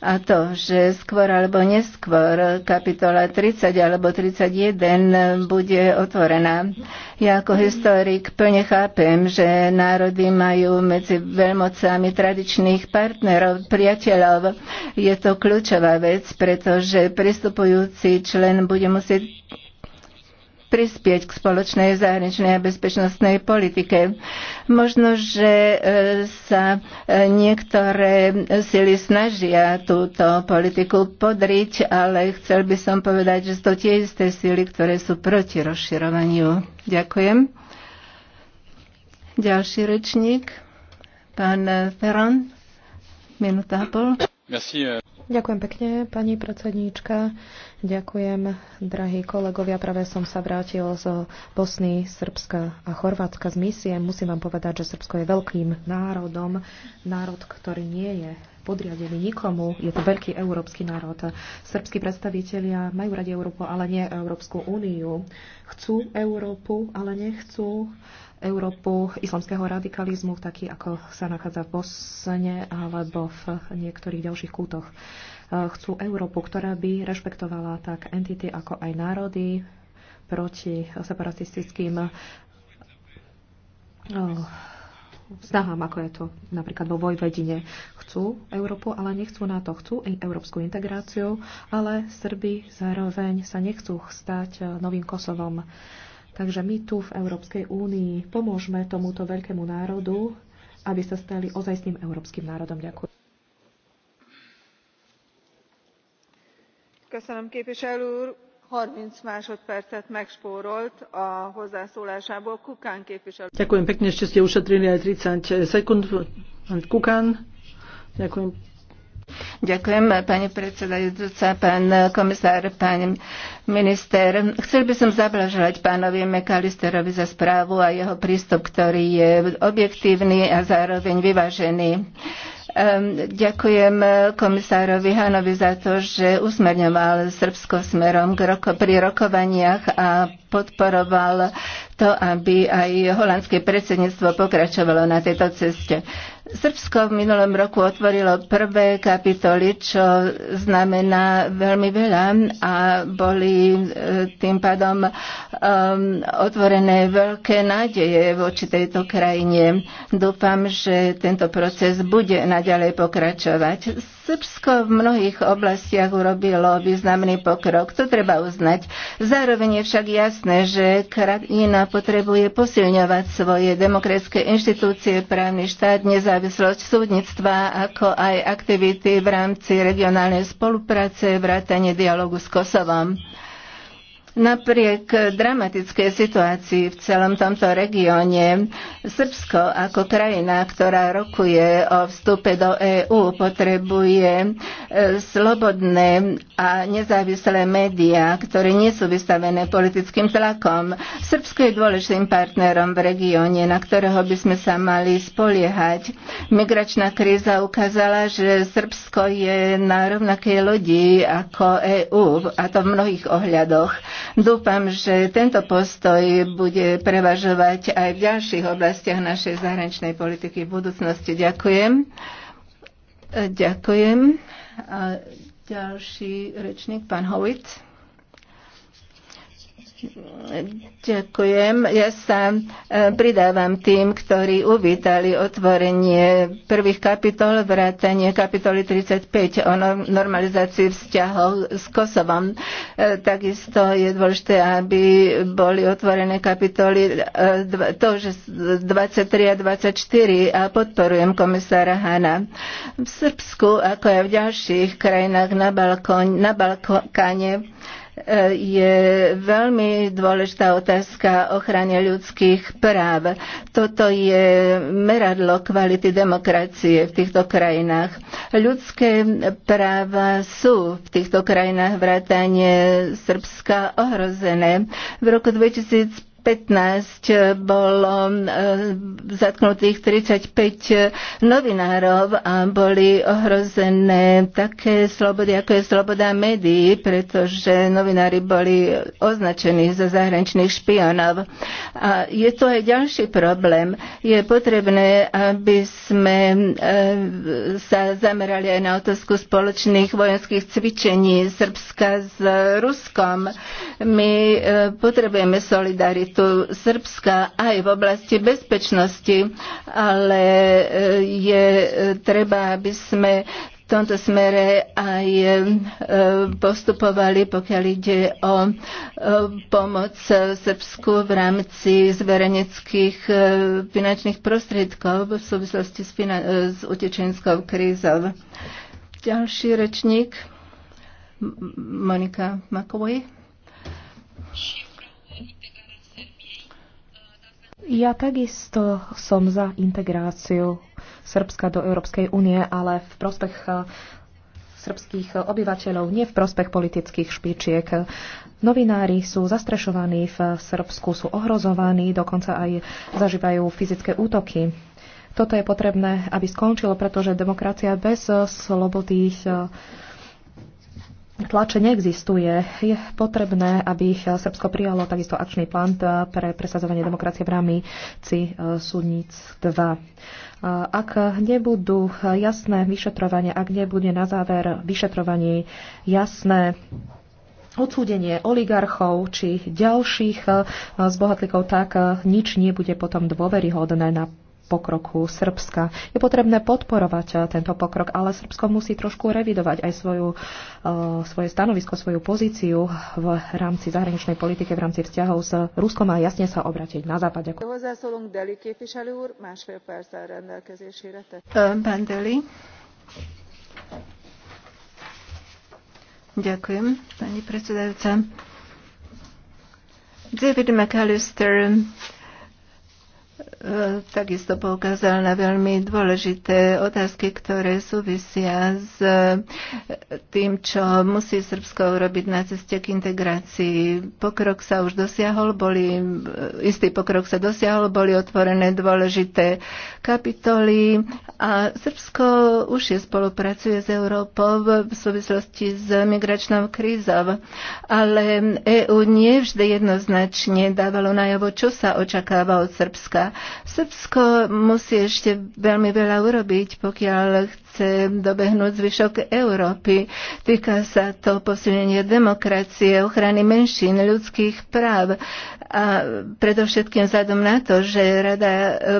a to, že skôr alebo neskôr kapitola 30 alebo 31 bude otvorená. Ja ako historik plne chápem, že národy majú medzi veľmocami tradičných partnerov, priateľov. Je to kľúčová vec, pretože pristupujúci člen bude musieť prispieť k spoločnej zahraničnej a bezpečnostnej politike. Možno, že e, sa e, niektoré sily snažia túto politiku podriť, ale chcel by som povedať, že to tie isté sily, ktoré sú proti rozširovaniu. Ďakujem. Ďalší rečník, pán Ferran, minúta a pol. Merci. Ďakujem pekne, pani predsedníčka. Ďakujem, drahí kolegovia. Práve som sa vrátil z Bosny, Srbska a Chorvátska z misie. Musím vám povedať, že Srbsko je veľkým národom. Národ, ktorý nie je podriadený nikomu. Je to veľký európsky národ. Srbskí predstavitelia majú radi Európu, ale nie Európsku úniu. Chcú Európu, ale nechcú Európu islamského radikalizmu, taký ako sa nachádza v Bosne alebo v niektorých ďalších kútoch. E, chcú Európu, ktorá by rešpektovala tak entity ako aj národy proti separatistickým e, snahám, ako je to napríklad vo Vojvedine. Chcú Európu, ale nechcú na to chcú európsku integráciu, ale Srby zároveň sa nechcú stať e, novým Kosovom. Takže my tu v Európskej únii pomôžme tomuto veľkému národu, aby sa stali ozajstným európskym národom. Ďakujem. Köszönöm képviselő úr. 30 másodpercet megspórolt a hozzászólásából. Kukán képviselő. Ďakujem pekne, ešte ste ušetrili aj 30 sekúnd. Kukán, ďakujem Ďakujem, pani predsedajúca, pán komisár, pán minister. Chcel by som zablažovať pánovi Mekalisterovi za správu a jeho prístup, ktorý je objektívny a zároveň vyvážený. Ehm, ďakujem komisárovi Hanovi za to, že usmerňoval Srbsko smerom k roko, pri rokovaniach a podporoval to, aby aj holandské predsedníctvo pokračovalo na tejto ceste. Srbsko v minulom roku otvorilo prvé kapitoly, čo znamená veľmi veľa a boli e, tým pádom um, otvorené veľké nádeje voči tejto krajine. Dúfam, že tento proces bude naďalej pokračovať. Srbsko v mnohých oblastiach urobilo významný pokrok. To treba uznať. Zároveň je však jasné, že krajina potrebuje posilňovať svoje demokratické inštitúcie, právny štát, nezávislosť súdnictva, ako aj aktivity v rámci regionálnej spolupráce, vrátanie dialogu s Kosovom. Napriek dramatickej situácii v celom tomto regióne, Srbsko ako krajina, ktorá rokuje o vstupe do EÚ, potrebuje e, slobodné a nezávislé médiá, ktoré nie sú vystavené politickým tlakom. Srbsko je dôležitým partnerom v regióne, na ktorého by sme sa mali spoliehať. Migračná kríza ukázala, že Srbsko je na rovnakej lodi ako EÚ, a to v mnohých ohľadoch. Dúfam, že tento postoj bude prevažovať aj v ďalších oblastiach našej zahraničnej politiky v budúcnosti. Ďakujem. Ďakujem. A ďalší rečník, pán Howitt. Ďakujem. Ja sa e, pridávam tým, ktorí uvítali otvorenie prvých kapitol, vrátanie kapitoly 35 o normalizácii vzťahov s Kosovom. E, takisto je dôležité, aby boli otvorené kapitoly e, to, že 23 a 24 a podporujem komisára Hana. V Srbsku, ako aj v ďalších krajinách na, Balkón, na Balkáne, je veľmi dôležitá otázka ochrany ľudských práv. Toto je meradlo kvality demokracie v týchto krajinách. Ľudské práva sú v týchto krajinách vrátane Srbska ohrozené. V roku 2005 15 bolo eh, zatknutých 35 novinárov a boli ohrozené také slobody, ako je sloboda médií, pretože novinári boli označení za zahraničných špionov. A je to aj ďalší problém. Je potrebné, aby sme eh, sa zamerali aj na otázku spoločných vojenských cvičení Srbska s Ruskom. My eh, potrebujeme solidaritu kapacitu Srbska aj v oblasti bezpečnosti, ale e, je e, treba, aby sme v tomto smere aj e, postupovali, pokiaľ ide o pomoc Srbsku v rámci zvereneckých finančných prostriedkov v súvislosti s, finan- s utečenskou krízou. Ďalší rečník, Monika Makovej. Ja takisto som za integráciu Srbska do Európskej únie, ale v prospech e, srbských obyvateľov, nie v prospech politických špičiek. Novinári sú zastrešovaní v Srbsku, sú ohrozovaní, dokonca aj zažívajú fyzické útoky. Toto je potrebné, aby skončilo, pretože demokracia bez slobody e, tlače neexistuje. Je potrebné, aby Srbsko prijalo takisto akčný plán eh, pre presadzovanie demokracie v rámci eh, súdnictva. Eh, ak nebudú jasné vyšetrovanie, ak nebude na záver vyšetrovaní jasné odsúdenie oligarchov či ďalších zbohatlíkov, tak nič nebude potom dôveryhodné na pokroku Srbska. Je potrebné podporovať eh, tento pokrok, ale Srbsko musí trošku revidovať aj svoju, eh, svoje stanovisko, svoju pozíciu v rámci zahraničnej politiky, v rámci vzťahov s Ruskom a jasne sa obratiť na západ. Eh, pán Deli. Ďakujem, pani predsedajúca. David McAllister E, takisto poukázal na veľmi dôležité otázky, ktoré súvisia s e, tým, čo musí Srbsko urobiť na ceste k integrácii. Pokrok sa už dosiahol, boli, e, istý pokrok sa dosiahol, boli otvorené dôležité kapitoly a Srbsko už je spolupracuje s Európou v súvislosti s migračnou krízou, ale EÚ nie vždy jednoznačne dávalo najavo, čo sa očakáva od Srbska. Srbsko musí ešte veľmi veľa urobiť, pokiaľ chce chce dobehnúť zvyšok Európy. Týka sa to posilnenia demokracie, ochrany menšín, ľudských práv a predovšetkým vzhľadom na to, že rada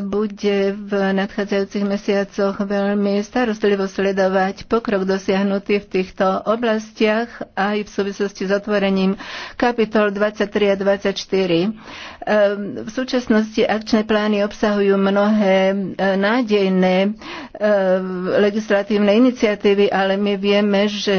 bude v nadchádzajúcich mesiacoch veľmi starostlivo sledovať pokrok dosiahnutý v týchto oblastiach aj v súvislosti s otvorením kapitol 23 a 24. Ehm, v súčasnosti akčné plány obsahujú mnohé e, nádejné e, legislatívne legislatívne iniciatívy, ale my vieme, že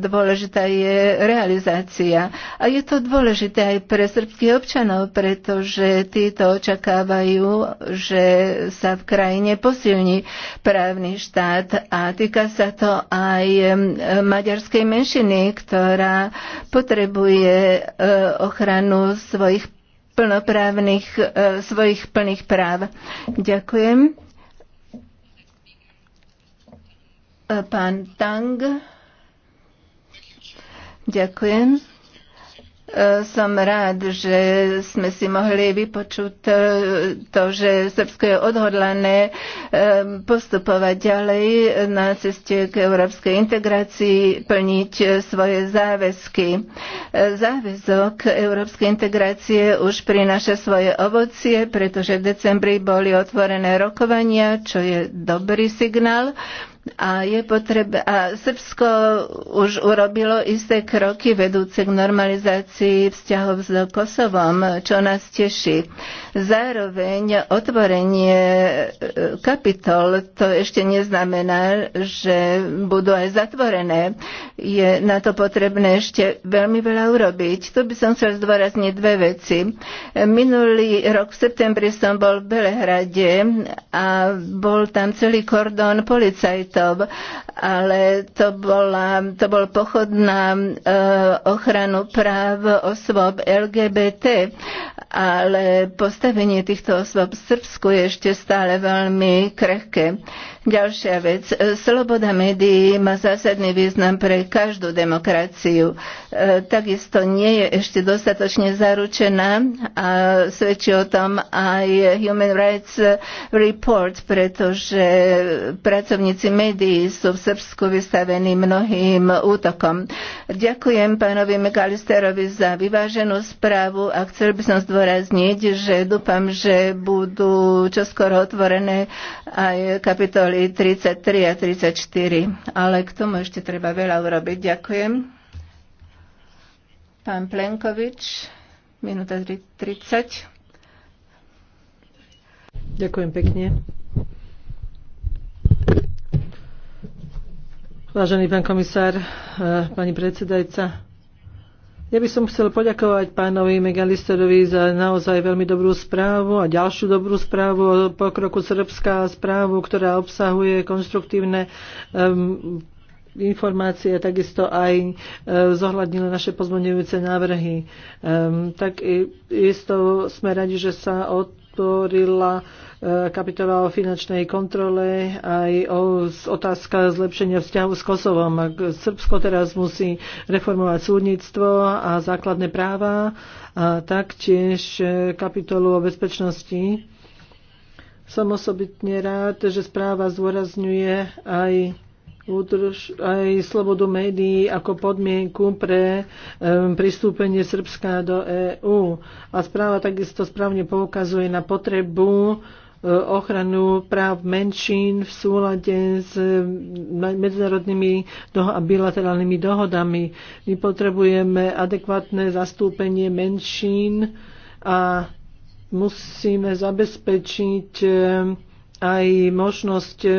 dôležitá je realizácia. A je to dôležité aj pre srbských občanov, pretože títo očakávajú, že sa v krajine posilní právny štát a týka sa to aj maďarskej menšiny, ktorá potrebuje e, ochranu svojich plnoprávnych, e, svojich plných práv. Ďakujem. Pán Tang. Ďakujem. E, som rád, že sme si mohli vypočuť e, to, že Srbsko je odhodlané e, postupovať ďalej na ceste k európskej integrácii, plniť svoje záväzky. Záväzok európskej integrácie už prináša svoje ovocie, pretože v decembri boli otvorené rokovania, čo je dobrý signál a je potrebe, a Srbsko už urobilo isté kroky vedúce k normalizácii vzťahov s Kosovom, čo nás teší. Zároveň otvorenie e, kapitol to ešte neznamená, že budú aj zatvorené. Je na to potrebné ešte veľmi veľa urobiť. Tu by som chcel zdôrazniť dve veci. Minulý rok v septembri som bol v Belehrade a bol tam celý kordón policajt svetom, ale to, bola, to bol pochod na e, ochranu práv osôb LGBT, ale postavenie týchto osôb v Srbsku je ešte stále veľmi krehké. Ďalšia vec. E, Sloboda médií má zásadný význam pre každú demokraciu. E, Takisto nie je ešte dostatočne zaručená a svedčí o tom aj Human Rights Report, pretože pracovníci médií sú v Srbsku vystavení mnohým útokom. Ďakujem pánovi McAllisterovi za vyváženú správu a chcel by som zdôrazniť, že dúfam, že budú čoskoro otvorené aj kapitoly 33 a 34. Ale k tomu ešte treba veľa urobiť. Ďakujem. Pán Plenkovič, minúta 30. Ďakujem pekne. Vážený pán komisár, eh, pani predsedajca, ja by som chcel poďakovať pánovi Megalisterovi za naozaj veľmi dobrú správu a ďalšiu dobrú správu o pokroku Srbská správu, ktorá obsahuje konstruktívne um, informácie, takisto aj zohľadnili naše pozmeňujúce návrhy. Um, tak isto sme radi, že sa od podporila e, kapitola o finančnej kontrole aj o otázka zlepšenia vzťahu s Kosovom. Srbsko teraz musí reformovať súdnictvo a základné práva a taktiež e, kapitolu o bezpečnosti. Som osobitne rád, že správa zdôrazňuje aj udrž, aj slobodu médií ako podmienku pre um, pristúpenie Srbska do EÚ. A správa takisto správne poukazuje na potrebu e, ochranu práv menšín v súlade s medzinárodnými a bilaterálnymi dohodami. My potrebujeme adekvátne zastúpenie menšín a musíme zabezpečiť aj možnosť e,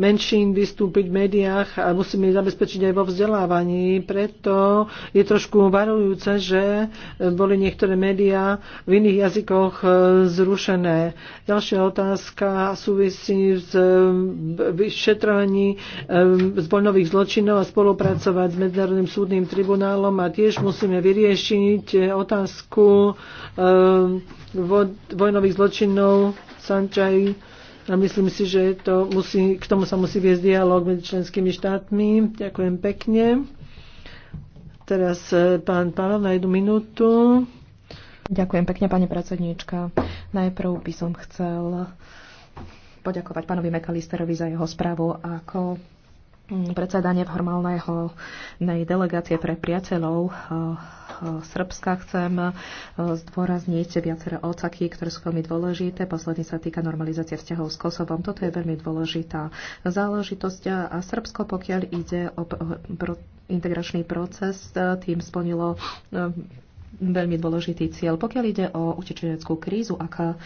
menšín vystúpiť v médiách a musíme ich zabezpečiť aj vo vzdelávaní. Preto je trošku varujúce, že e, boli niektoré médiá v iných jazykoch e, zrušené. Ďalšia otázka súvisí s vyšetrovaní zbojnových zločinov a spolupracovať s Medzinárodným súdnym tribunálom a tiež musíme vyriešiť otázku vojnových zločinov Sančaj a myslím si, že to musí, k tomu sa musí viesť dialog medzi členskými štátmi. Ďakujem pekne. Teraz e, pán Pavel na jednu minútu. Ďakujem pekne, pani predsedníčka. Najprv by som chcel poďakovať pánovi Mekalisterovi za jeho správu ako Mm, predsedanie v hormálneho delegácie pre priateľov eh, eh, Srbska chcem eh, zdôrazniť viaceré ocaky, ktoré sú veľmi dôležité. Posledný sa týka normalizácie vzťahov s Kosovom. Toto je veľmi dôležitá záležitosť a Srbsko, pokiaľ ide o integračný proces, tým splnilo veľmi dôležitý cieľ. Pokiaľ ide o utečeneckú krízu, ak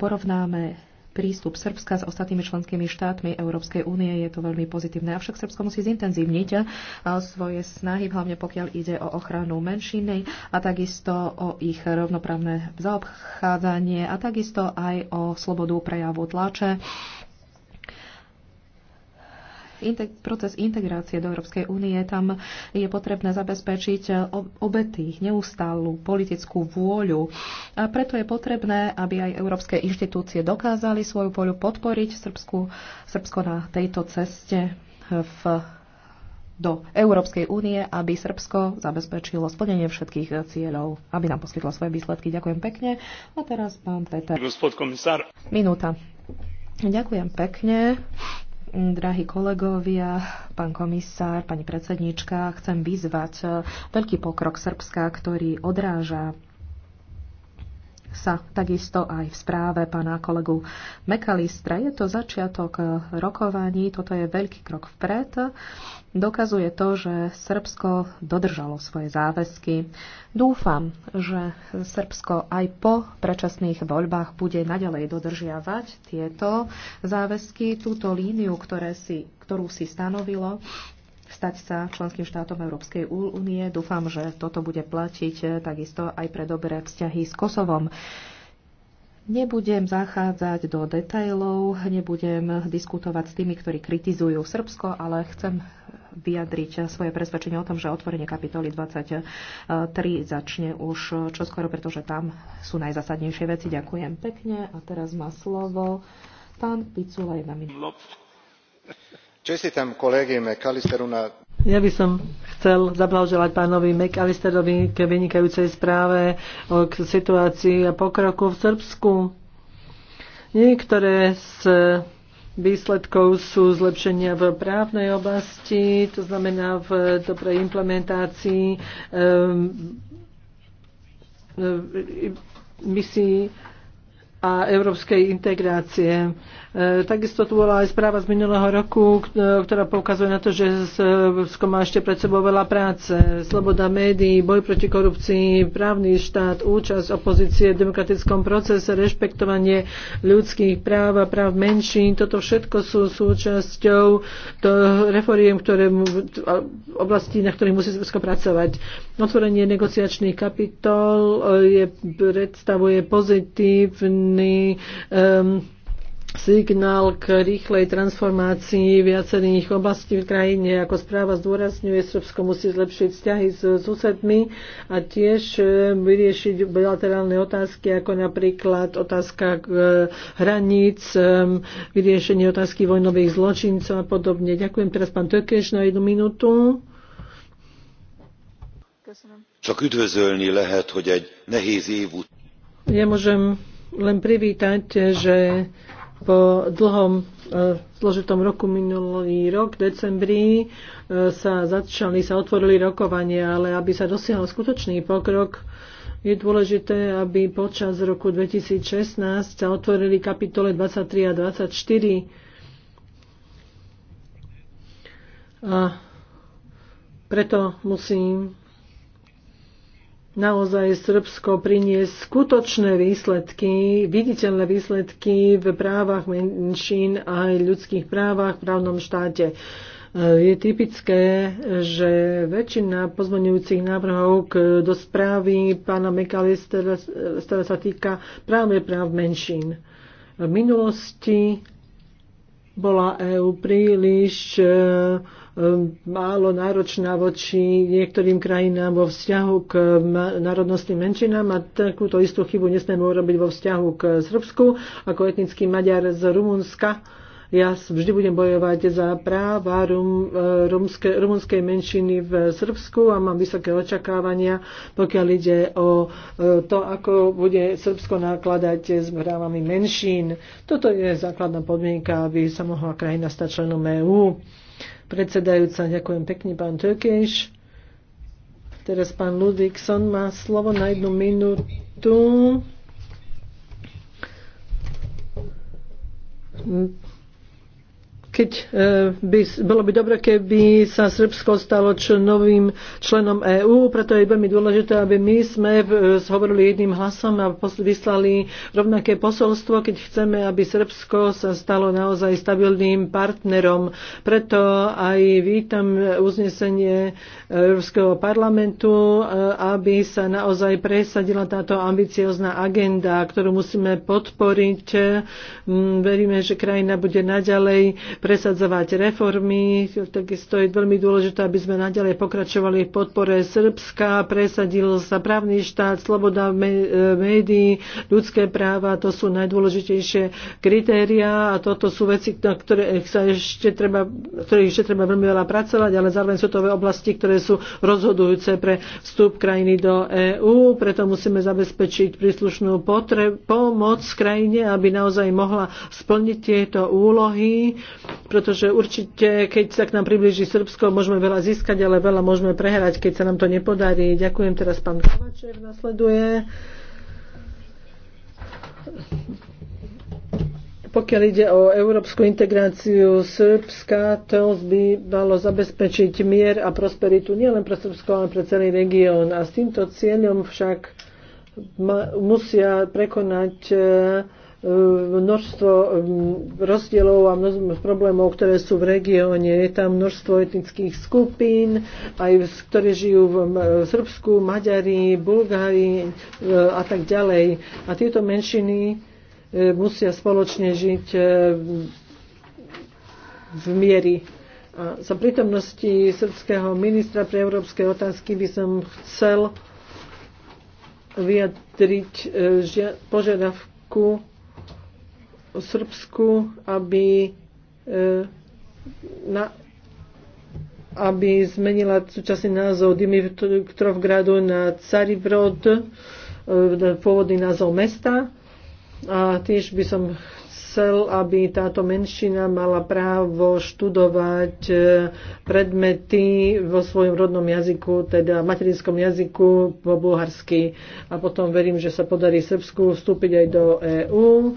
porovnáme prístup Srbska s ostatnými členskými štátmi Európskej únie. Je to veľmi pozitívne. Avšak Srbsko musí zintenzívniť eh, svoje snahy, hlavne pokiaľ ide o ochranu menšiny a takisto o ich rovnoprávne zaobchádzanie a takisto aj o slobodu prejavu tlače integ- proces integrácie do Európskej únie, tam je potrebné zabezpečiť e, obetých, neustálu politickú vôľu. A preto je potrebné, aby aj európske inštitúcie dokázali svoju vôľu podporiť Srbsku, Srbsko na tejto ceste e, v do Európskej únie, aby Srbsko zabezpečilo splnenie všetkých e, cieľov, aby nám poskytlo svoje výsledky. Ďakujem pekne. A teraz pán Peter. Minúta. Ďakujem pekne. Drahí kolegovia, pán komisár, pani predsednička, chcem vyzvať eh, veľký pokrok Srbska, ktorý odráža sa takisto aj v správe pána kolegu Mekalistra. Je to začiatok rokovaní, toto je veľký krok vpred. Dokazuje to, že Srbsko dodržalo svoje záväzky. Dúfam, že Srbsko aj po predčasných voľbách bude naďalej dodržiavať tieto záväzky, túto líniu, ktoré si, ktorú si stanovilo stať sa členským štátom Európskej únie. Dúfam, že toto bude platiť eh, takisto aj pre dobré vzťahy s Kosovom. Nebudem zachádzať do detajlov, nebudem diskutovať s tými, ktorí kritizujú Srbsko, ale chcem vyjadriť svoje presvedčenie o tom, že otvorenie kapitoly 23 začne už čoskoro, pretože tam sú najzasadnejšie veci. Ďakujem pekne a teraz má slovo pán Piculaj na minútu. ja by som chcel zablahoželať pánovi McAllisterovi k vynikajúcej správe o situácii a pokroku v Srbsku. Niektoré z výsledkov sú zlepšenia v právnej oblasti, to znamená v dobrej implementácii ehm, ehm, misií a európskej integrácie. E, takisto tu bola aj správa z minulého roku, e, ktorá poukazuje na to, že Srbsko má ešte pred sebou veľa práce. Sloboda médií, boj proti korupcii, právny štát, účasť opozície v demokratickom procese, rešpektovanie ľudských práv a práv menšín. Toto všetko sú súčasťou to reforiem, ktoré, oblasti, na ktorých musí Srbsko pracovať. Otvorenie negociačných kapitol e, je, predstavuje pozitívny um, signál k rýchlej transformácii viacerých oblastí v krajine. Ako správa zdôrazňuje, Srbsko musí zlepšiť vzťahy s susedmi a tiež e, vyriešiť bilaterálne otázky, ako napríklad otázka e, hraníc, e, vyriešenie otázky vojnových zločincov a podobne. Ďakujem teraz pán Tökeš na jednu minútu. Čak üdvözölni lehet, hogy egy nehéz év môžem len privítať, že po dlhom eh, zložitom roku minulý rok, v decembri, eh, sa začali, sa otvorili rokovania, ale aby sa dosiahol skutočný pokrok, je dôležité, aby počas roku 2016 sa otvorili kapitole 23 a 24. A preto musím naozaj Srbsko priniesť skutočné výsledky, viditeľné výsledky v právach menšín a aj ľudských právach v právnom štáte. E, je typické, že väčšina pozvoňujúcich návrhov k, do správy pána Mekalistera sa týka práve práv menšín. V minulosti bola EÚ príliš e, Um, málo náročná voči niektorým krajinám vo vzťahu k um, národnostným menšinám a takúto istú chybu nesmieme urobiť vo vzťahu k Srbsku ako etnický Maďar z Rumunska. Ja vždy budem bojovať za práva uh, rumunskej menšiny v Srbsku a mám vysoké očakávania, pokiaľ ide o uh, to, ako bude Srbsko nakladať s právami menšín. Toto je základná podmienka, aby sa mohla krajina stať členom EÚ. Predsedajúca, ďakujem pekne, pán Tökeš. Teraz pán Ludvíkson má slovo na jednu minútu keď e, by, bolo by dobre, keby sa Srbsko stalo čo novým členom EÚ, preto je veľmi dôležité, aby my sme e, hovorili jedným hlasom a vyslali rovnaké posolstvo, keď chceme, aby Srbsko sa stalo naozaj stabilným partnerom. Preto aj vítam uznesenie Európskeho parlamentu, e, aby sa naozaj presadila táto ambiciozná agenda, ktorú musíme podporiť. Mm, veríme, že krajina bude naďalej presadzovať reformy. Takisto je veľmi dôležité, aby sme naďalej pokračovali v podpore Srbska. Presadil sa právny štát, sloboda e, médií, ľudské práva. To sú najdôležitejšie kritéria a toto sú veci, na ktoré sa ešte treba, ktoré ešte treba veľmi veľa pracovať, ale zároveň sú to oblasti, ktoré sú rozhodujúce pre vstup krajiny do EÚ. Preto musíme zabezpečiť príslušnú potre- pomoc krajine, aby naozaj mohla splniť tieto úlohy pretože určite, keď sa k nám priblíži Srbsko, môžeme veľa získať, ale veľa môžeme prehrať, keď sa nám to nepodarí. Ďakujem teraz pán Kovačev, nasleduje. Pokiaľ ide o európsku integráciu Srbska, to by malo zabezpečiť mier a prosperitu nielen pre Srbsko, ale pre celý región. A s týmto cieľom však musia prekonať eh, E, množstvo e, rozdielov a množstvo problémov, ktoré sú v regióne. Je tam množstvo etnických skupín, aj ktoré žijú e, v Srbsku, Maďari, Bulgári a tak ďalej. A tieto menšiny musia spoločne žiť v miery. A za prítomnosti srbského ministra pre európske otázky by som chcel vyjadriť požiadavku o Srbsku, aby, e, na, aby zmenila súčasný názov Dimitrovgradu na Carivrod, e, pôvodný názov mesta. A tiež by som chcel, aby táto menšina mala právo študovať e, predmety vo svojom rodnom jazyku, teda materinskom jazyku po bulharsky. A potom verím, že sa podarí Srbsku vstúpiť aj do EÚ. E,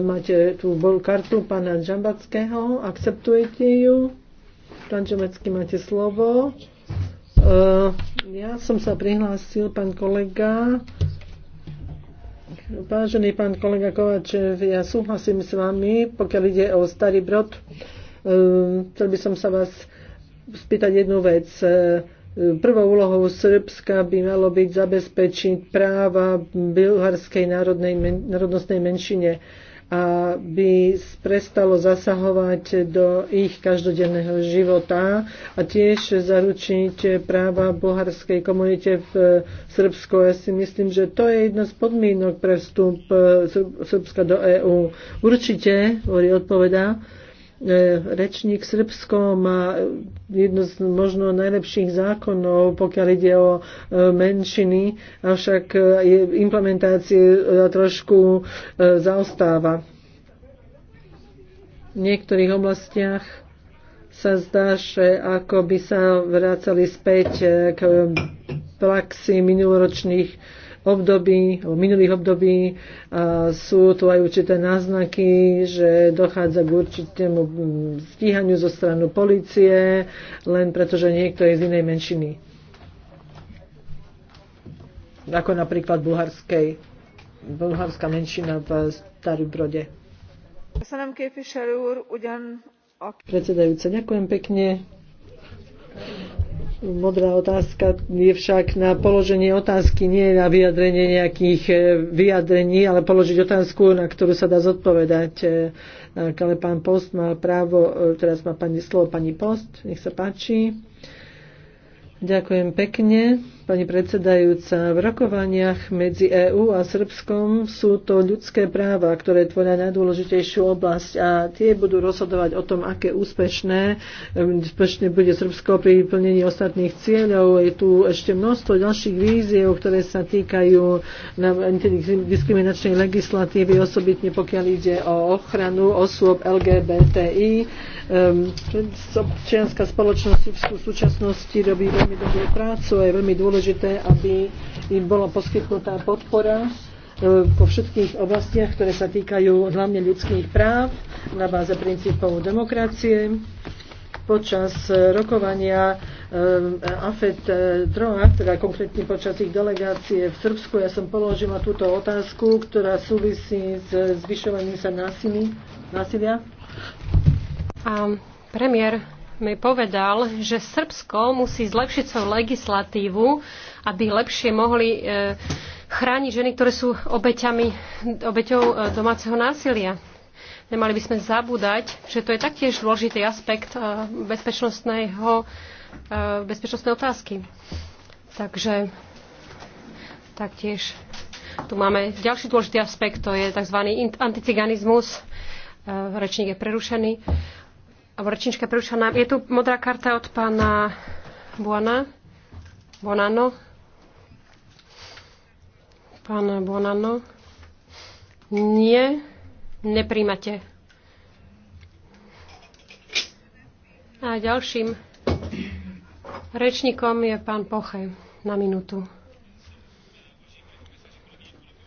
máte tú kartu pána Džambackého, akceptujete ju? Pán Džambacký, máte slovo. E, ja som sa prihlásil, pán kolega Vážený pán kolega Kovačev, ja súhlasím s vami, pokiaľ ide o starý brod. Ehm, chcel by som sa vás spýtať jednu vec. Ehm, prvou úlohou Srbska by malo byť zabezpečiť práva bulharskej národnej, národnostnej menšine aby prestalo zasahovať do ich každodenného života a tiež zaručiť práva boharskej komunite v Srbsku. Ja si myslím, že to je jedna z podmienok pre vstup Srbska do EÚ. Určite, hovorí odpoveda, E, rečník Srbsko má jedno z možno najlepších zákonov, pokiaľ ide o e, menšiny, avšak e, implementácie trošku zaostáva. V niektorých oblastiach sa zdá, že ako by sa vracali späť k praxi minuloročných období, v minulých období. sú tu aj určité náznaky, že dochádza k určitému stíhaniu zo stranu policie, len pretože niekto je z inej menšiny. Ako napríklad bulharskej, bulharská menšina v Starým Brode. Predsedajúce, ďakujem pekne. Modrá otázka je však na položenie otázky, nie na vyjadrenie nejakých e, vyjadrení, ale položiť otázku, na ktorú sa dá zodpovedať. E, ale pán Post má právo, e, teraz má pani slovo pani Post, nech sa páči. Ďakujem pekne pani predsedajúca. V rokovaniach medzi EÚ a Srbskom sú to ľudské práva, ktoré tvoria najdôležitejšiu oblasť a tie budú rozhodovať o tom, aké úspešné, um, úspešne bude Srbsko pri plnení ostatných cieľov. Je tu ešte množstvo ďalších víziev, ktoré sa týkajú diskriminačnej legislatívy, osobitne pokiaľ ide o ochranu osôb LGBTI. Občianská um, spoločnosť v súčasnosti robí veľmi dobrú prácu a je veľmi dôležitá dôležité, aby im bola poskytnutá podpora po e, všetkých oblastiach, ktoré sa týkajú hlavne ľudských práv na báze princípov demokracie. Počas e, rokovania e, AFET Droha, teda konkrétne počas ich delegácie v Srbsku, ja som položila túto otázku, ktorá súvisí s zvyšovaním sa násilí, násilia. Um, premiér mi povedal, že Srbsko musí zlepšiť svoju legislatívu, aby lepšie mohli e, chrániť ženy, ktoré sú obeťami, obeťou e, domáceho násilia. Nemali by sme zabúdať, že to je taktiež dôležitý aspekt e, bezpečnostného, bezpečnostnej otázky. Takže taktiež tu máme ďalší dôležitý aspekt, to je tzv. anticiganizmus. Rečník je prerušený. Rečnička prerušená. Je tu modrá karta od pána Buona. Bonano. Pán Bonano. Nie, nepríjmate. A ďalším rečníkom je pán Poche na minútu.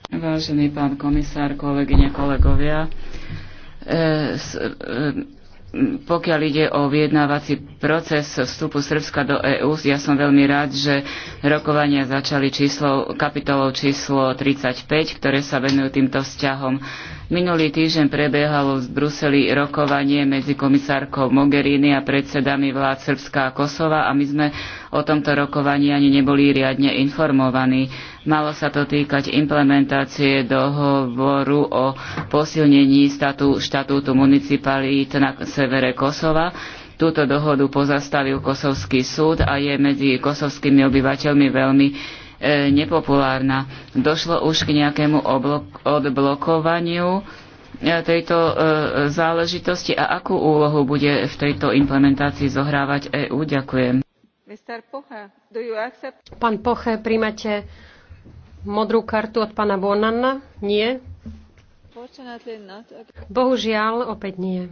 Vážený pán komisár, kolegyne, kolegovia, e, s, e, pokiaľ ide o vyjednávací proces vstupu Srbska do EÚ, ja som veľmi rád, že rokovania začali číslo, kapitolou číslo 35, ktoré sa venujú týmto vzťahom. Minulý týždeň prebiehalo v Bruseli rokovanie medzi komisárkou Mogherini a predsedami vlád Srbska a Kosova a my sme o tomto rokovaní ani neboli riadne informovaní. Malo sa to týkať implementácie dohovoru o posilnení štatútu municipalít na severe Kosova. Túto dohodu pozastavil Kosovský súd a je medzi kosovskými obyvateľmi veľmi e, nepopulárna. Došlo už k nejakému oblok- odblokovaniu e, tejto e, záležitosti a akú úlohu bude v tejto implementácii zohrávať EÚ? Ďakujem. Pán Poche, príjmate modrú kartu od pána Bonanna? Nie. Bohužiaľ, opäť nie.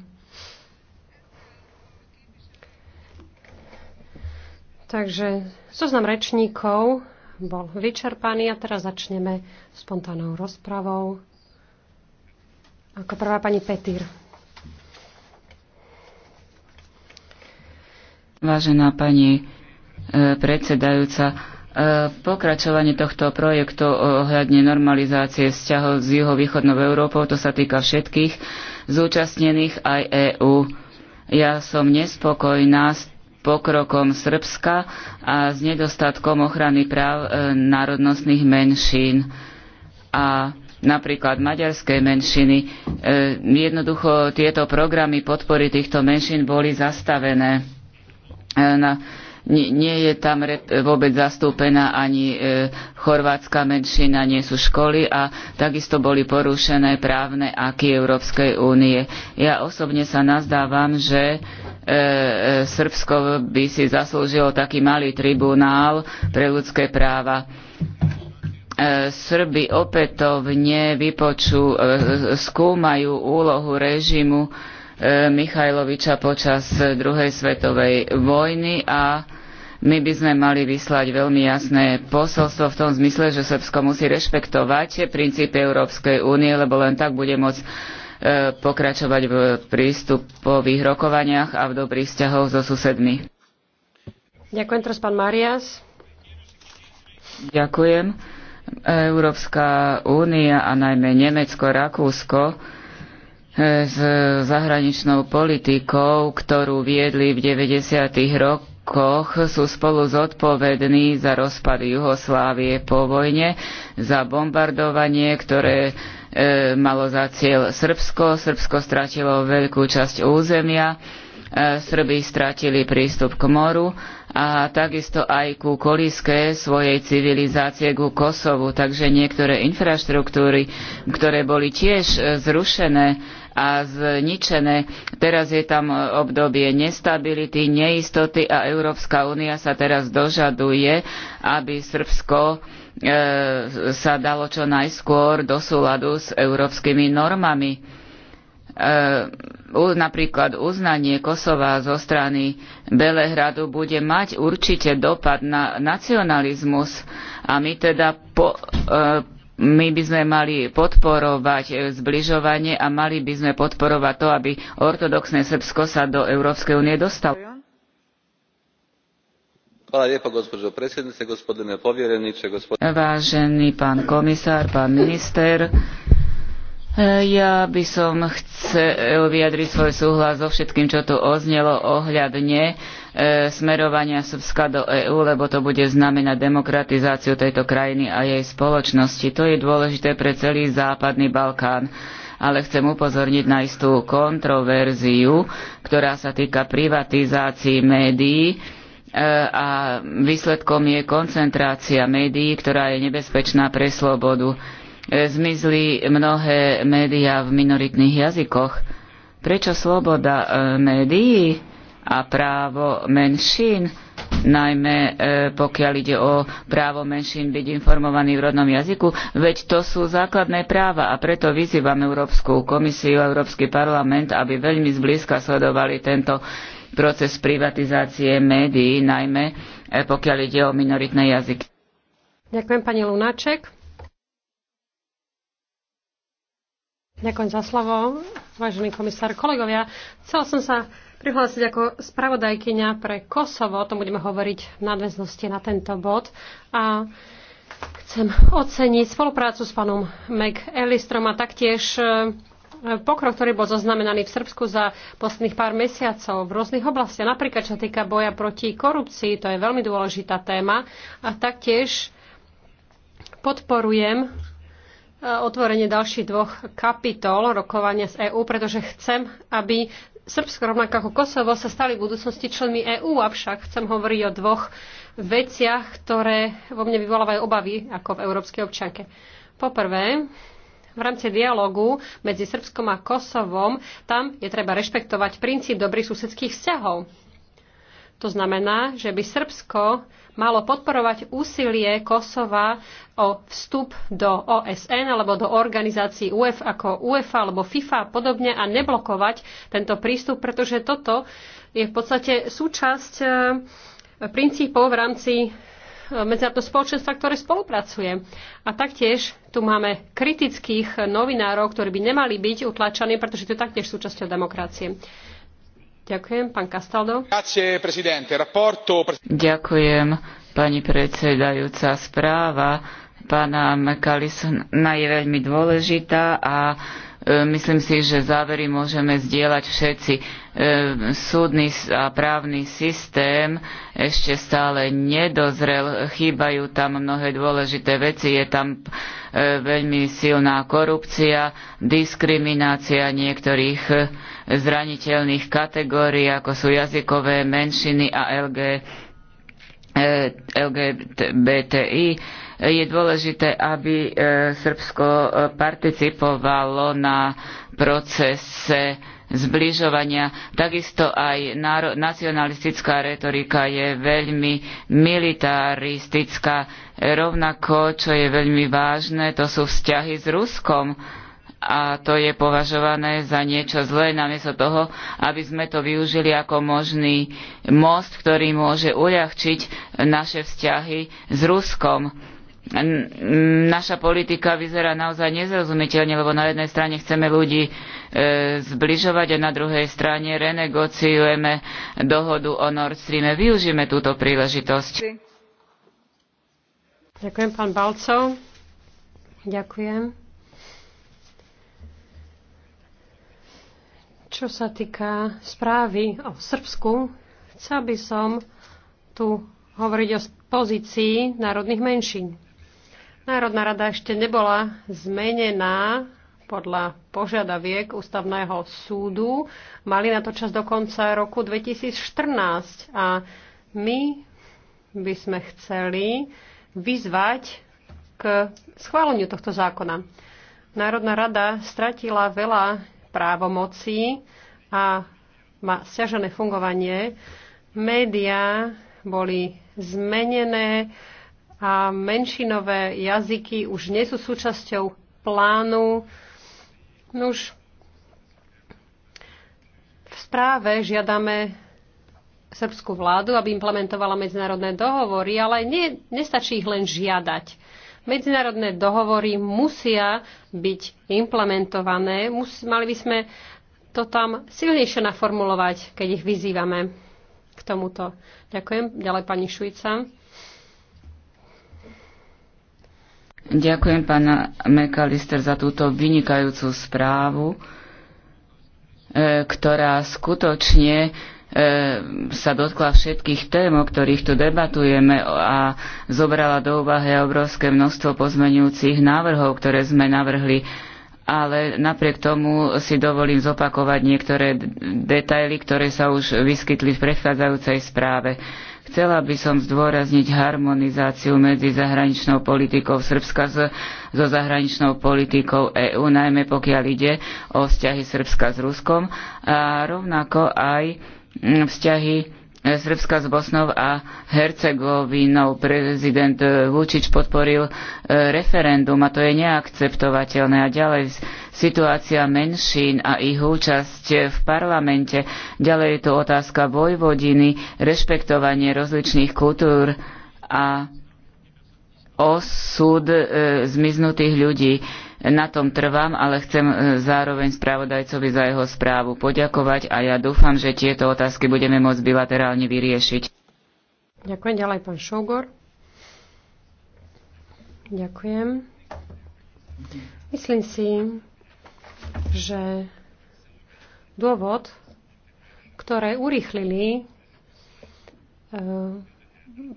Takže zoznam rečníkov bol vyčerpaný a teraz začneme spontánnou rozpravou. Ako prvá pani Petýr. Vážená pani eh, predsedajúca, E, pokračovanie tohto projektu ohľadne normalizácie vzťahov s juhovýchodnou Európou, to sa týka všetkých zúčastnených aj EÚ. Ja som nespokojná s pokrokom Srbska a s nedostatkom ochrany práv e, národnostných menšín a napríklad maďarskej menšiny. E, jednoducho tieto programy podpory týchto menšín boli zastavené. Na nie, nie je tam rep, vôbec zastúpená ani e, chorvátska menšina, nie sú školy a takisto boli porušené právne aky Európskej únie. Ja osobne sa nazdávam, že e, e, Srbsko by si zaslúžilo taký malý tribunál pre ľudské práva. E, Srby opätovne vypoču, e, e, skúmajú úlohu režimu E, Michajloviča počas druhej svetovej vojny a my by sme mali vyslať veľmi jasné posolstvo v tom zmysle, že Srbsko musí rešpektovať princípy Európskej únie, lebo len tak bude môcť e, pokračovať v prístupových rokovaniach a v dobrých vzťahoch so susedmi. Ďakujem teraz pán Marias. Ďakujem. Európska únia a najmä Nemecko, Rakúsko E, s zahraničnou politikou, ktorú viedli v 90. rokoch, sú spolu zodpovední za rozpad Juhoslávie po vojne, za bombardovanie, ktoré e, malo za cieľ Srbsko. Srbsko stratilo veľkú časť územia, e, Srby stratili prístup k moru a takisto aj ku kolíske svojej civilizácie, ku Kosovu. Takže niektoré infraštruktúry, ktoré boli tiež e, zrušené, a zničené. Teraz je tam obdobie nestability, neistoty a Európska únia sa teraz dožaduje, aby Srbsko e, sa dalo čo najskôr do súladu s európskymi normami. E, napríklad uznanie Kosova zo strany Belehradu bude mať určite dopad na nacionalizmus a my teda po, e, my by sme mali podporovať e, zbližovanie a mali by sme podporovať to, aby ortodoxné Srbsko sa do Európskej únie dostalo. Vážený pán komisár, pán minister, e, ja by som chcel vyjadriť svoj súhlas so všetkým, čo tu oznelo ohľadne E, smerovania Srbska do EÚ, lebo to bude znamenať demokratizáciu tejto krajiny a jej spoločnosti. To je dôležité pre celý západný Balkán. Ale chcem upozorniť na istú kontroverziu, ktorá sa týka privatizácií médií e, a výsledkom je koncentrácia médií, ktorá je nebezpečná pre slobodu. E, zmizli mnohé médiá v minoritných jazykoch. Prečo sloboda médií? a právo menšín, najmä e, pokiaľ ide o právo menšín byť informovaný v rodnom jazyku, veď to sú základné práva a preto vyzývam Európsku komisiu, Európsky parlament, aby veľmi zblízka sledovali tento proces privatizácie médií, najmä e, pokiaľ ide o minoritné jazyky. Ďakujem pani Lunáček. Ďakujem za slovo, vážený komisár, kolegovia. som sa prihlásiť ako spravodajkyňa pre Kosovo. O tom budeme hovoriť v nadväznosti na tento bod. A chcem oceniť spoluprácu s pánom McAllistrom a taktiež e, pokrok, ktorý bol zaznamenaný v Srbsku za posledných pár mesiacov v rôznych oblastiach, napríklad čo týka boja proti korupcii, to je veľmi dôležitá téma. A taktiež podporujem e, otvorenie ďalších dvoch kapitol rokovania z EÚ, pretože chcem, aby Srbsko, rovnako ako Kosovo, sa stali v budúcnosti členmi EÚ, avšak chcem hovoriť o dvoch veciach, ktoré vo mne vyvolávajú obavy ako v európskej občanke. Poprvé, v rámci dialogu medzi Srbskom a Kosovom, tam je treba rešpektovať princíp dobrých susedských vzťahov. To znamená, že by Srbsko malo podporovať úsilie Kosova o vstup do OSN alebo do organizácií UF ako UEFA alebo FIFA a podobne a neblokovať tento prístup, pretože toto je v podstate súčasť e, princípov v rámci e, medzinárodného spoločenstva, ktoré spolupracuje. A taktiež tu máme kritických novinárov, ktorí by nemali byť utlačaní, pretože to je taktiež súčasťou demokracie. Ďakujem, pán Castaldo. Ďakujem, pani predsedajúca správa. Pána Mekalisona je veľmi dôležitá a e, myslím si, že závery môžeme zdieľať všetci. E, súdny a právny systém ešte stále nedozrel, chýbajú tam mnohé dôležité veci, je tam e, veľmi silná korupcia, diskriminácia niektorých zraniteľných kategórií, ako sú jazykové menšiny a LG, e, LGBTI. Je dôležité, aby e, Srbsko e, participovalo na procese zbližovania. Takisto aj nacionalistická retorika je veľmi militaristická. Rovnako, čo je veľmi vážne, to sú vzťahy s Ruskom a to je považované za niečo zlé, namiesto toho, aby sme to využili ako možný most, ktorý môže uľahčiť naše vzťahy s Ruskom. Naša politika vyzerá naozaj nezrozumiteľne, lebo na jednej strane chceme ľudí e, zbližovať a na druhej strane renegociujeme dohodu o Nord Stream. Využíme túto príležitosť. Ďakujem, pán Balcov. Ďakujem. Čo sa týka správy o Srbsku, chcel by som tu hovoriť o pozícii národných menšín. Národná rada ešte nebola zmenená podľa požiadaviek ústavného súdu. Mali na to čas do konca roku 2014 a my by sme chceli vyzvať k schváleniu tohto zákona. Národná rada stratila veľa právomocí a má stiažené fungovanie. Média boli zmenené a menšinové jazyky už nie sú súčasťou plánu. Nuž, v správe žiadame srbskú vládu, aby implementovala medzinárodné dohovory, ale nie, nestačí ich len žiadať. Medzinárodné dohovory musia byť implementované. Mus, mali by sme to tam silnejšie naformulovať, keď ich vyzývame k tomuto. Ďakujem. Ďalej pani Šujca. Ďakujem pána McAllister za túto vynikajúcu správu, e, ktorá skutočne E, sa dotkla všetkých tém, o ktorých tu debatujeme a zobrala do úvahy obrovské množstvo pozmenujúcich návrhov, ktoré sme navrhli. Ale napriek tomu si dovolím zopakovať niektoré detaily, ktoré sa už vyskytli v predchádzajúcej správe. Chcela by som zdôrazniť harmonizáciu medzi zahraničnou politikou Srbska so zahraničnou politikou EÚ, najmä pokiaľ ide o vzťahy Srbska s Ruskom, a rovnako aj vzťahy Srbska s Bosnou a Hercegovinou. Prezident Vučič podporil e, referendum a to je neakceptovateľné. A ďalej situácia menšín a ich účasť v parlamente. Ďalej je to otázka vojvodiny, rešpektovanie rozličných kultúr a osud e, zmiznutých ľudí na tom trvám, ale chcem e, zároveň spravodajcovi za jeho správu poďakovať a ja dúfam, že tieto otázky budeme môcť bilaterálne vyriešiť. Ďakujem ďalej, pán Šogor. Ďakujem. Myslím si, že dôvod, ktoré urýchlili e,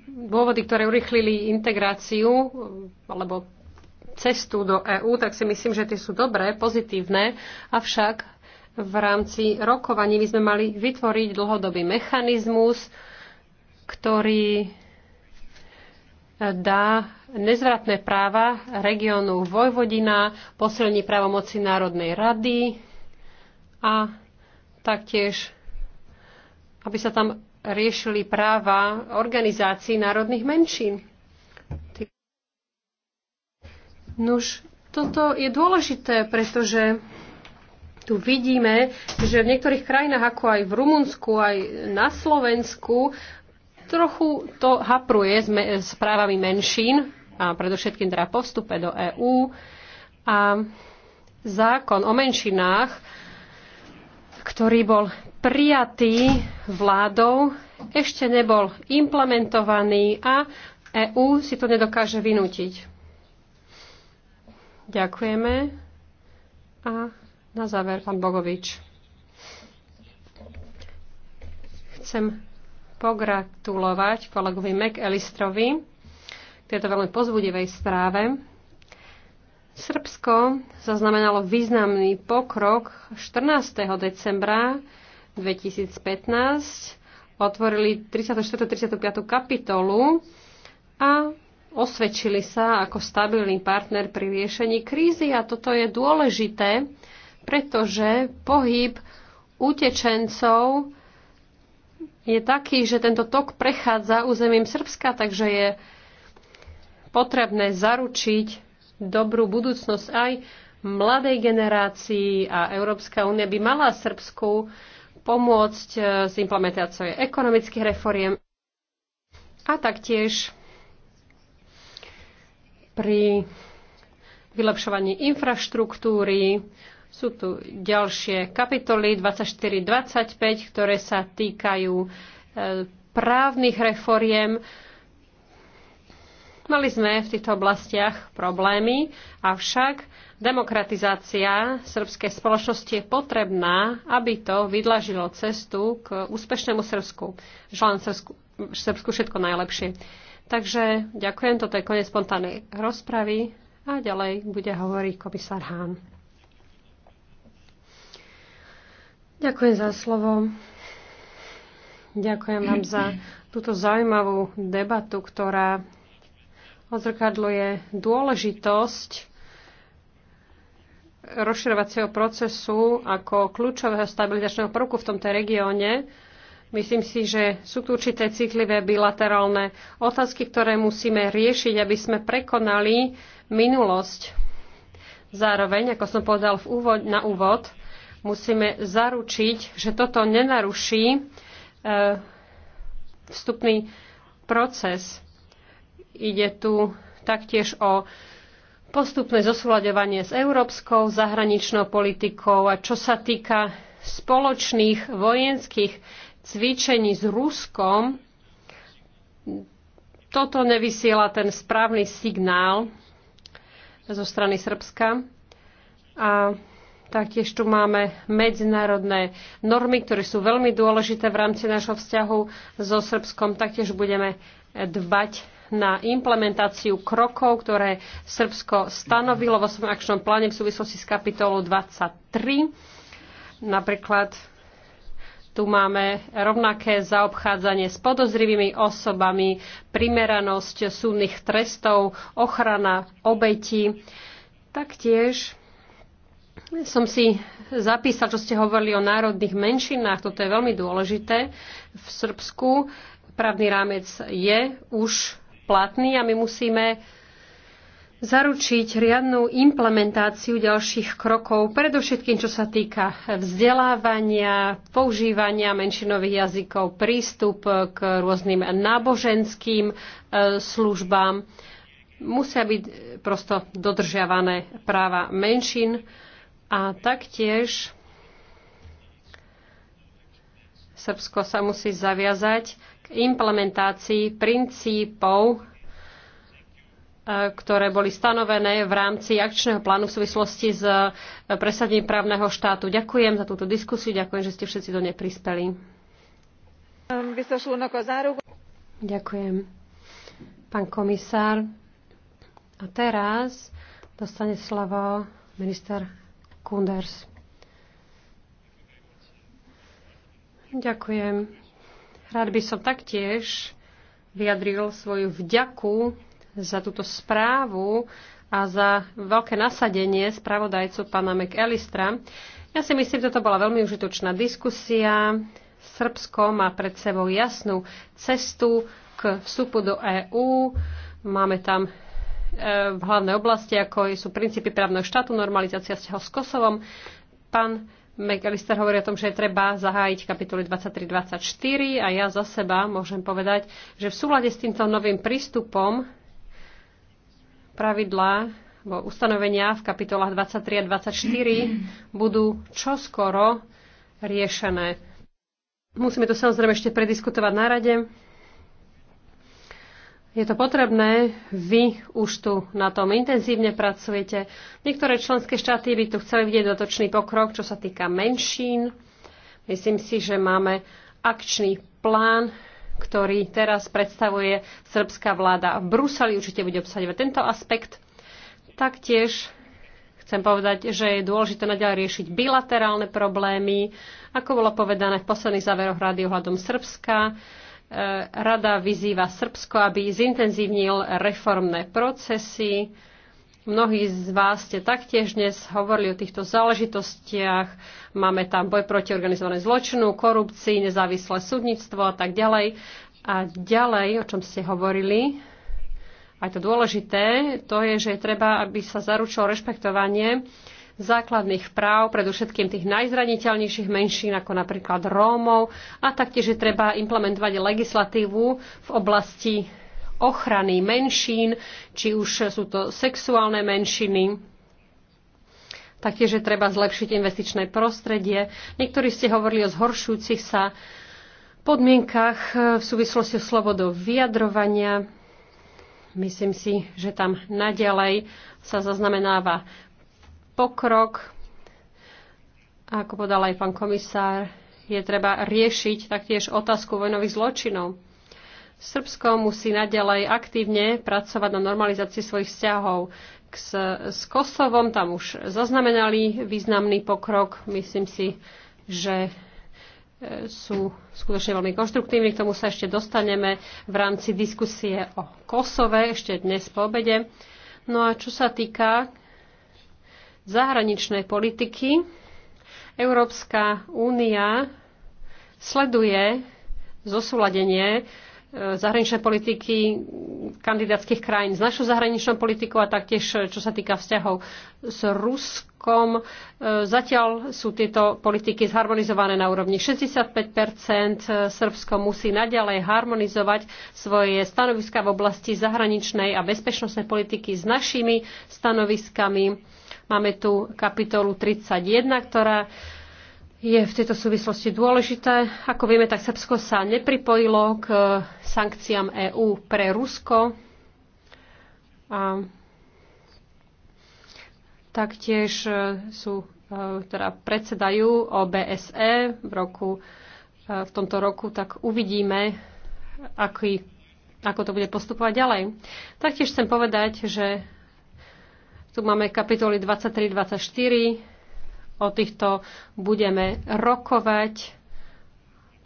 dôvody, ktoré urýchlili integráciu alebo cestu do EÚ, tak si myslím, že tie sú dobré, pozitívne, avšak v rámci rokovaní by sme mali vytvoriť dlhodobý mechanizmus, ktorý eh, dá nezvratné práva regiónu Vojvodina, posilní právomoci Národnej rady a taktiež, aby sa tam riešili práva organizácií národných menšín. Nuž, toto je dôležité, pretože tu vidíme, že v niektorých krajinách, ako aj v Rumunsku, aj na Slovensku, trochu to hapruje s, me- s právami menšín, a predovšetkým teda po vstupe do EÚ. A zákon o menšinách, ktorý bol prijatý vládou, ešte nebol implementovaný a EÚ si to nedokáže vynútiť. Ďakujeme. A na záver pán Bogovič. Chcem pogratulovať kolegovi McAllisterovi k tejto veľmi pozbudivej správe. Srbsko zaznamenalo významný pokrok 14. decembra 2015. Otvorili 34. 35. kapitolu a osvedčili sa ako stabilný partner pri riešení krízy a toto je dôležité, pretože pohyb utečencov je taký, že tento tok prechádza územím Srbska, takže je potrebné zaručiť dobrú budúcnosť aj mladej generácii a Európska únia by mala Srbsku pomôcť eh, s implementáciou ekonomických reforiem a taktiež pri vylepšovaní infraštruktúry. Sú tu ďalšie kapitoly 24-25, ktoré sa týkajú e, právnych reforiem. Mali sme v týchto oblastiach problémy, avšak demokratizácia srbskej spoločnosti je potrebná, aby to vydlažilo cestu k úspešnému Srbsku. Želám Srbsku, Srbsku všetko najlepšie. Takže ďakujem, toto je koniec spontánnej rozpravy a ďalej bude hovoriť komisár Hán. Ďakujem za slovo. Ďakujem vám za túto zaujímavú debatu, ktorá odzrkadľuje dôležitosť rozširovacieho procesu ako kľúčového stabilizačného prvku v tomto regióne Myslím si, že sú tu určité citlivé bilaterálne otázky, ktoré musíme riešiť, aby sme prekonali minulosť. Zároveň, ako som povedal v úvod, na úvod, musíme zaručiť, že toto nenaruší e, vstupný proces. Ide tu taktiež o postupné zosúľadovanie s európskou zahraničnou politikou a čo sa týka spoločných vojenských cvičení s Ruskom, toto nevysiela ten správny signál zo strany Srbska. A taktiež tu máme medzinárodné normy, ktoré sú veľmi dôležité v rámci nášho vzťahu so Srbskom. Taktiež budeme dbať na implementáciu krokov, ktoré Srbsko stanovilo vo svojom akčnom pláne v súvislosti s kapitolou 23. Napríklad tu máme rovnaké zaobchádzanie s podozrivými osobami, primeranosť súdnych trestov, ochrana obeti. Taktiež som si zapísal, čo ste hovorili o národných menšinách. Toto je veľmi dôležité. V Srbsku právny rámec je už platný a my musíme zaručiť riadnu implementáciu ďalších krokov, predovšetkým čo sa týka vzdelávania, používania menšinových jazykov, prístup k rôznym náboženským e, službám. Musia byť prosto dodržiavané práva menšin a taktiež Srbsko sa musí zaviazať k implementácii princípov E, ktoré boli stanovené v rámci akčného plánu v súvislosti s e, presadením právneho štátu. Ďakujem za túto diskusiu, ďakujem, že ste všetci do nej prispeli. Ďakujem. Pán komisár, a teraz dostane slovo minister Kunders. Ďakujem. Rád by som taktiež vyjadril svoju vďaku za túto správu a za veľké nasadenie spravodajcu pána McAllistra, Ja si myslím, že toto bola veľmi užitočná diskusia. Srbsko má pred sebou jasnú cestu k vstupu do EÚ. Máme tam e, v hlavné oblasti, ako sú princípy právneho štátu, normalizácia vzťahov s Kosovom. Pán McAllister hovorí o tom, že je treba zahájiť kapitoly 23-24 a ja za seba môžem povedať, že v súlade s týmto novým prístupom pravidlá alebo ustanovenia v kapitolách 23 a 24 budú čoskoro riešené. Musíme to samozrejme ešte prediskutovať na rade. Je to potrebné, vy už tu na tom intenzívne pracujete. Niektoré členské štáty by tu chceli vidieť dotočný pokrok, čo sa týka menšín. Myslím si, že máme akčný plán ktorý teraz predstavuje srbská vláda v Bruseli, určite bude obsahovať tento aspekt. Taktiež chcem povedať, že je dôležité naďalej riešiť bilaterálne problémy, ako bolo povedané v posledných záveroch rady ohľadom Srbska. E, Rada vyzýva Srbsko, aby zintenzívnil reformné procesy, Mnohí z vás ste taktiež dnes hovorili o týchto záležitostiach. Máme tam boj proti organizované zločinu, korupcii, nezávislé súdnictvo a tak ďalej. A ďalej, o čom ste hovorili, aj to dôležité, to je, že treba, aby sa zaručilo rešpektovanie základných práv, predovšetkým tých najzraniteľnejších menšín, ako napríklad Rómov, a taktiež je treba implementovať legislatívu v oblasti ochrany menšín, či už sú to sexuálne menšiny. Taktiež je treba zlepšiť investičné prostredie. Niektorí ste hovorili o zhoršujúcich sa podmienkach e, v súvislosti s slobodou vyjadrovania. Myslím si, že tam naďalej sa zaznamenáva pokrok. A ako podal aj pán komisár, je treba riešiť taktiež otázku vojnových zločinov. Srbsko musí naďalej aktívne pracovať na normalizácii svojich vzťahov. S, s Kosovom tam už zaznamenali významný pokrok. Myslím si, že e, sú skutočne veľmi konštruktívni. K tomu sa ešte dostaneme v rámci diskusie o Kosove ešte dnes po obede. No a čo sa týka zahraničnej politiky, Európska únia sleduje zosúladenie E, zahraničnej politiky kandidátskych krajín s našou zahraničnou politikou a taktiež e, čo sa týka vzťahov s Ruskom. E, zatiaľ sú tieto politiky zharmonizované na úrovni 65 Srbsko musí naďalej harmonizovať svoje stanoviska v oblasti zahraničnej a bezpečnostnej politiky s našimi stanoviskami. Máme tu kapitolu 31, ktorá je v tejto súvislosti dôležité. Ako vieme, tak Srbsko sa nepripojilo k sankciám EÚ pre Rusko. A taktiež e, sú, e, teda predsedajú OBSE v, roku, e, v tomto roku, tak uvidíme, aký, ako to bude postupovať ďalej. Taktiež chcem povedať, že tu máme kapitoly 23-24 o týchto budeme rokovať.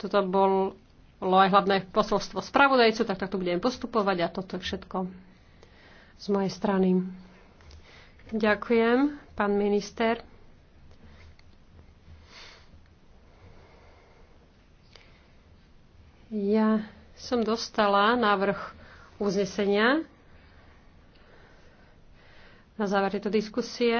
Toto bolo aj hlavné posolstvo spravodajcu, tak takto budeme postupovať a toto je všetko z mojej strany. Ďakujem, pán minister. Ja som dostala návrh uznesenia na záver tejto diskusie.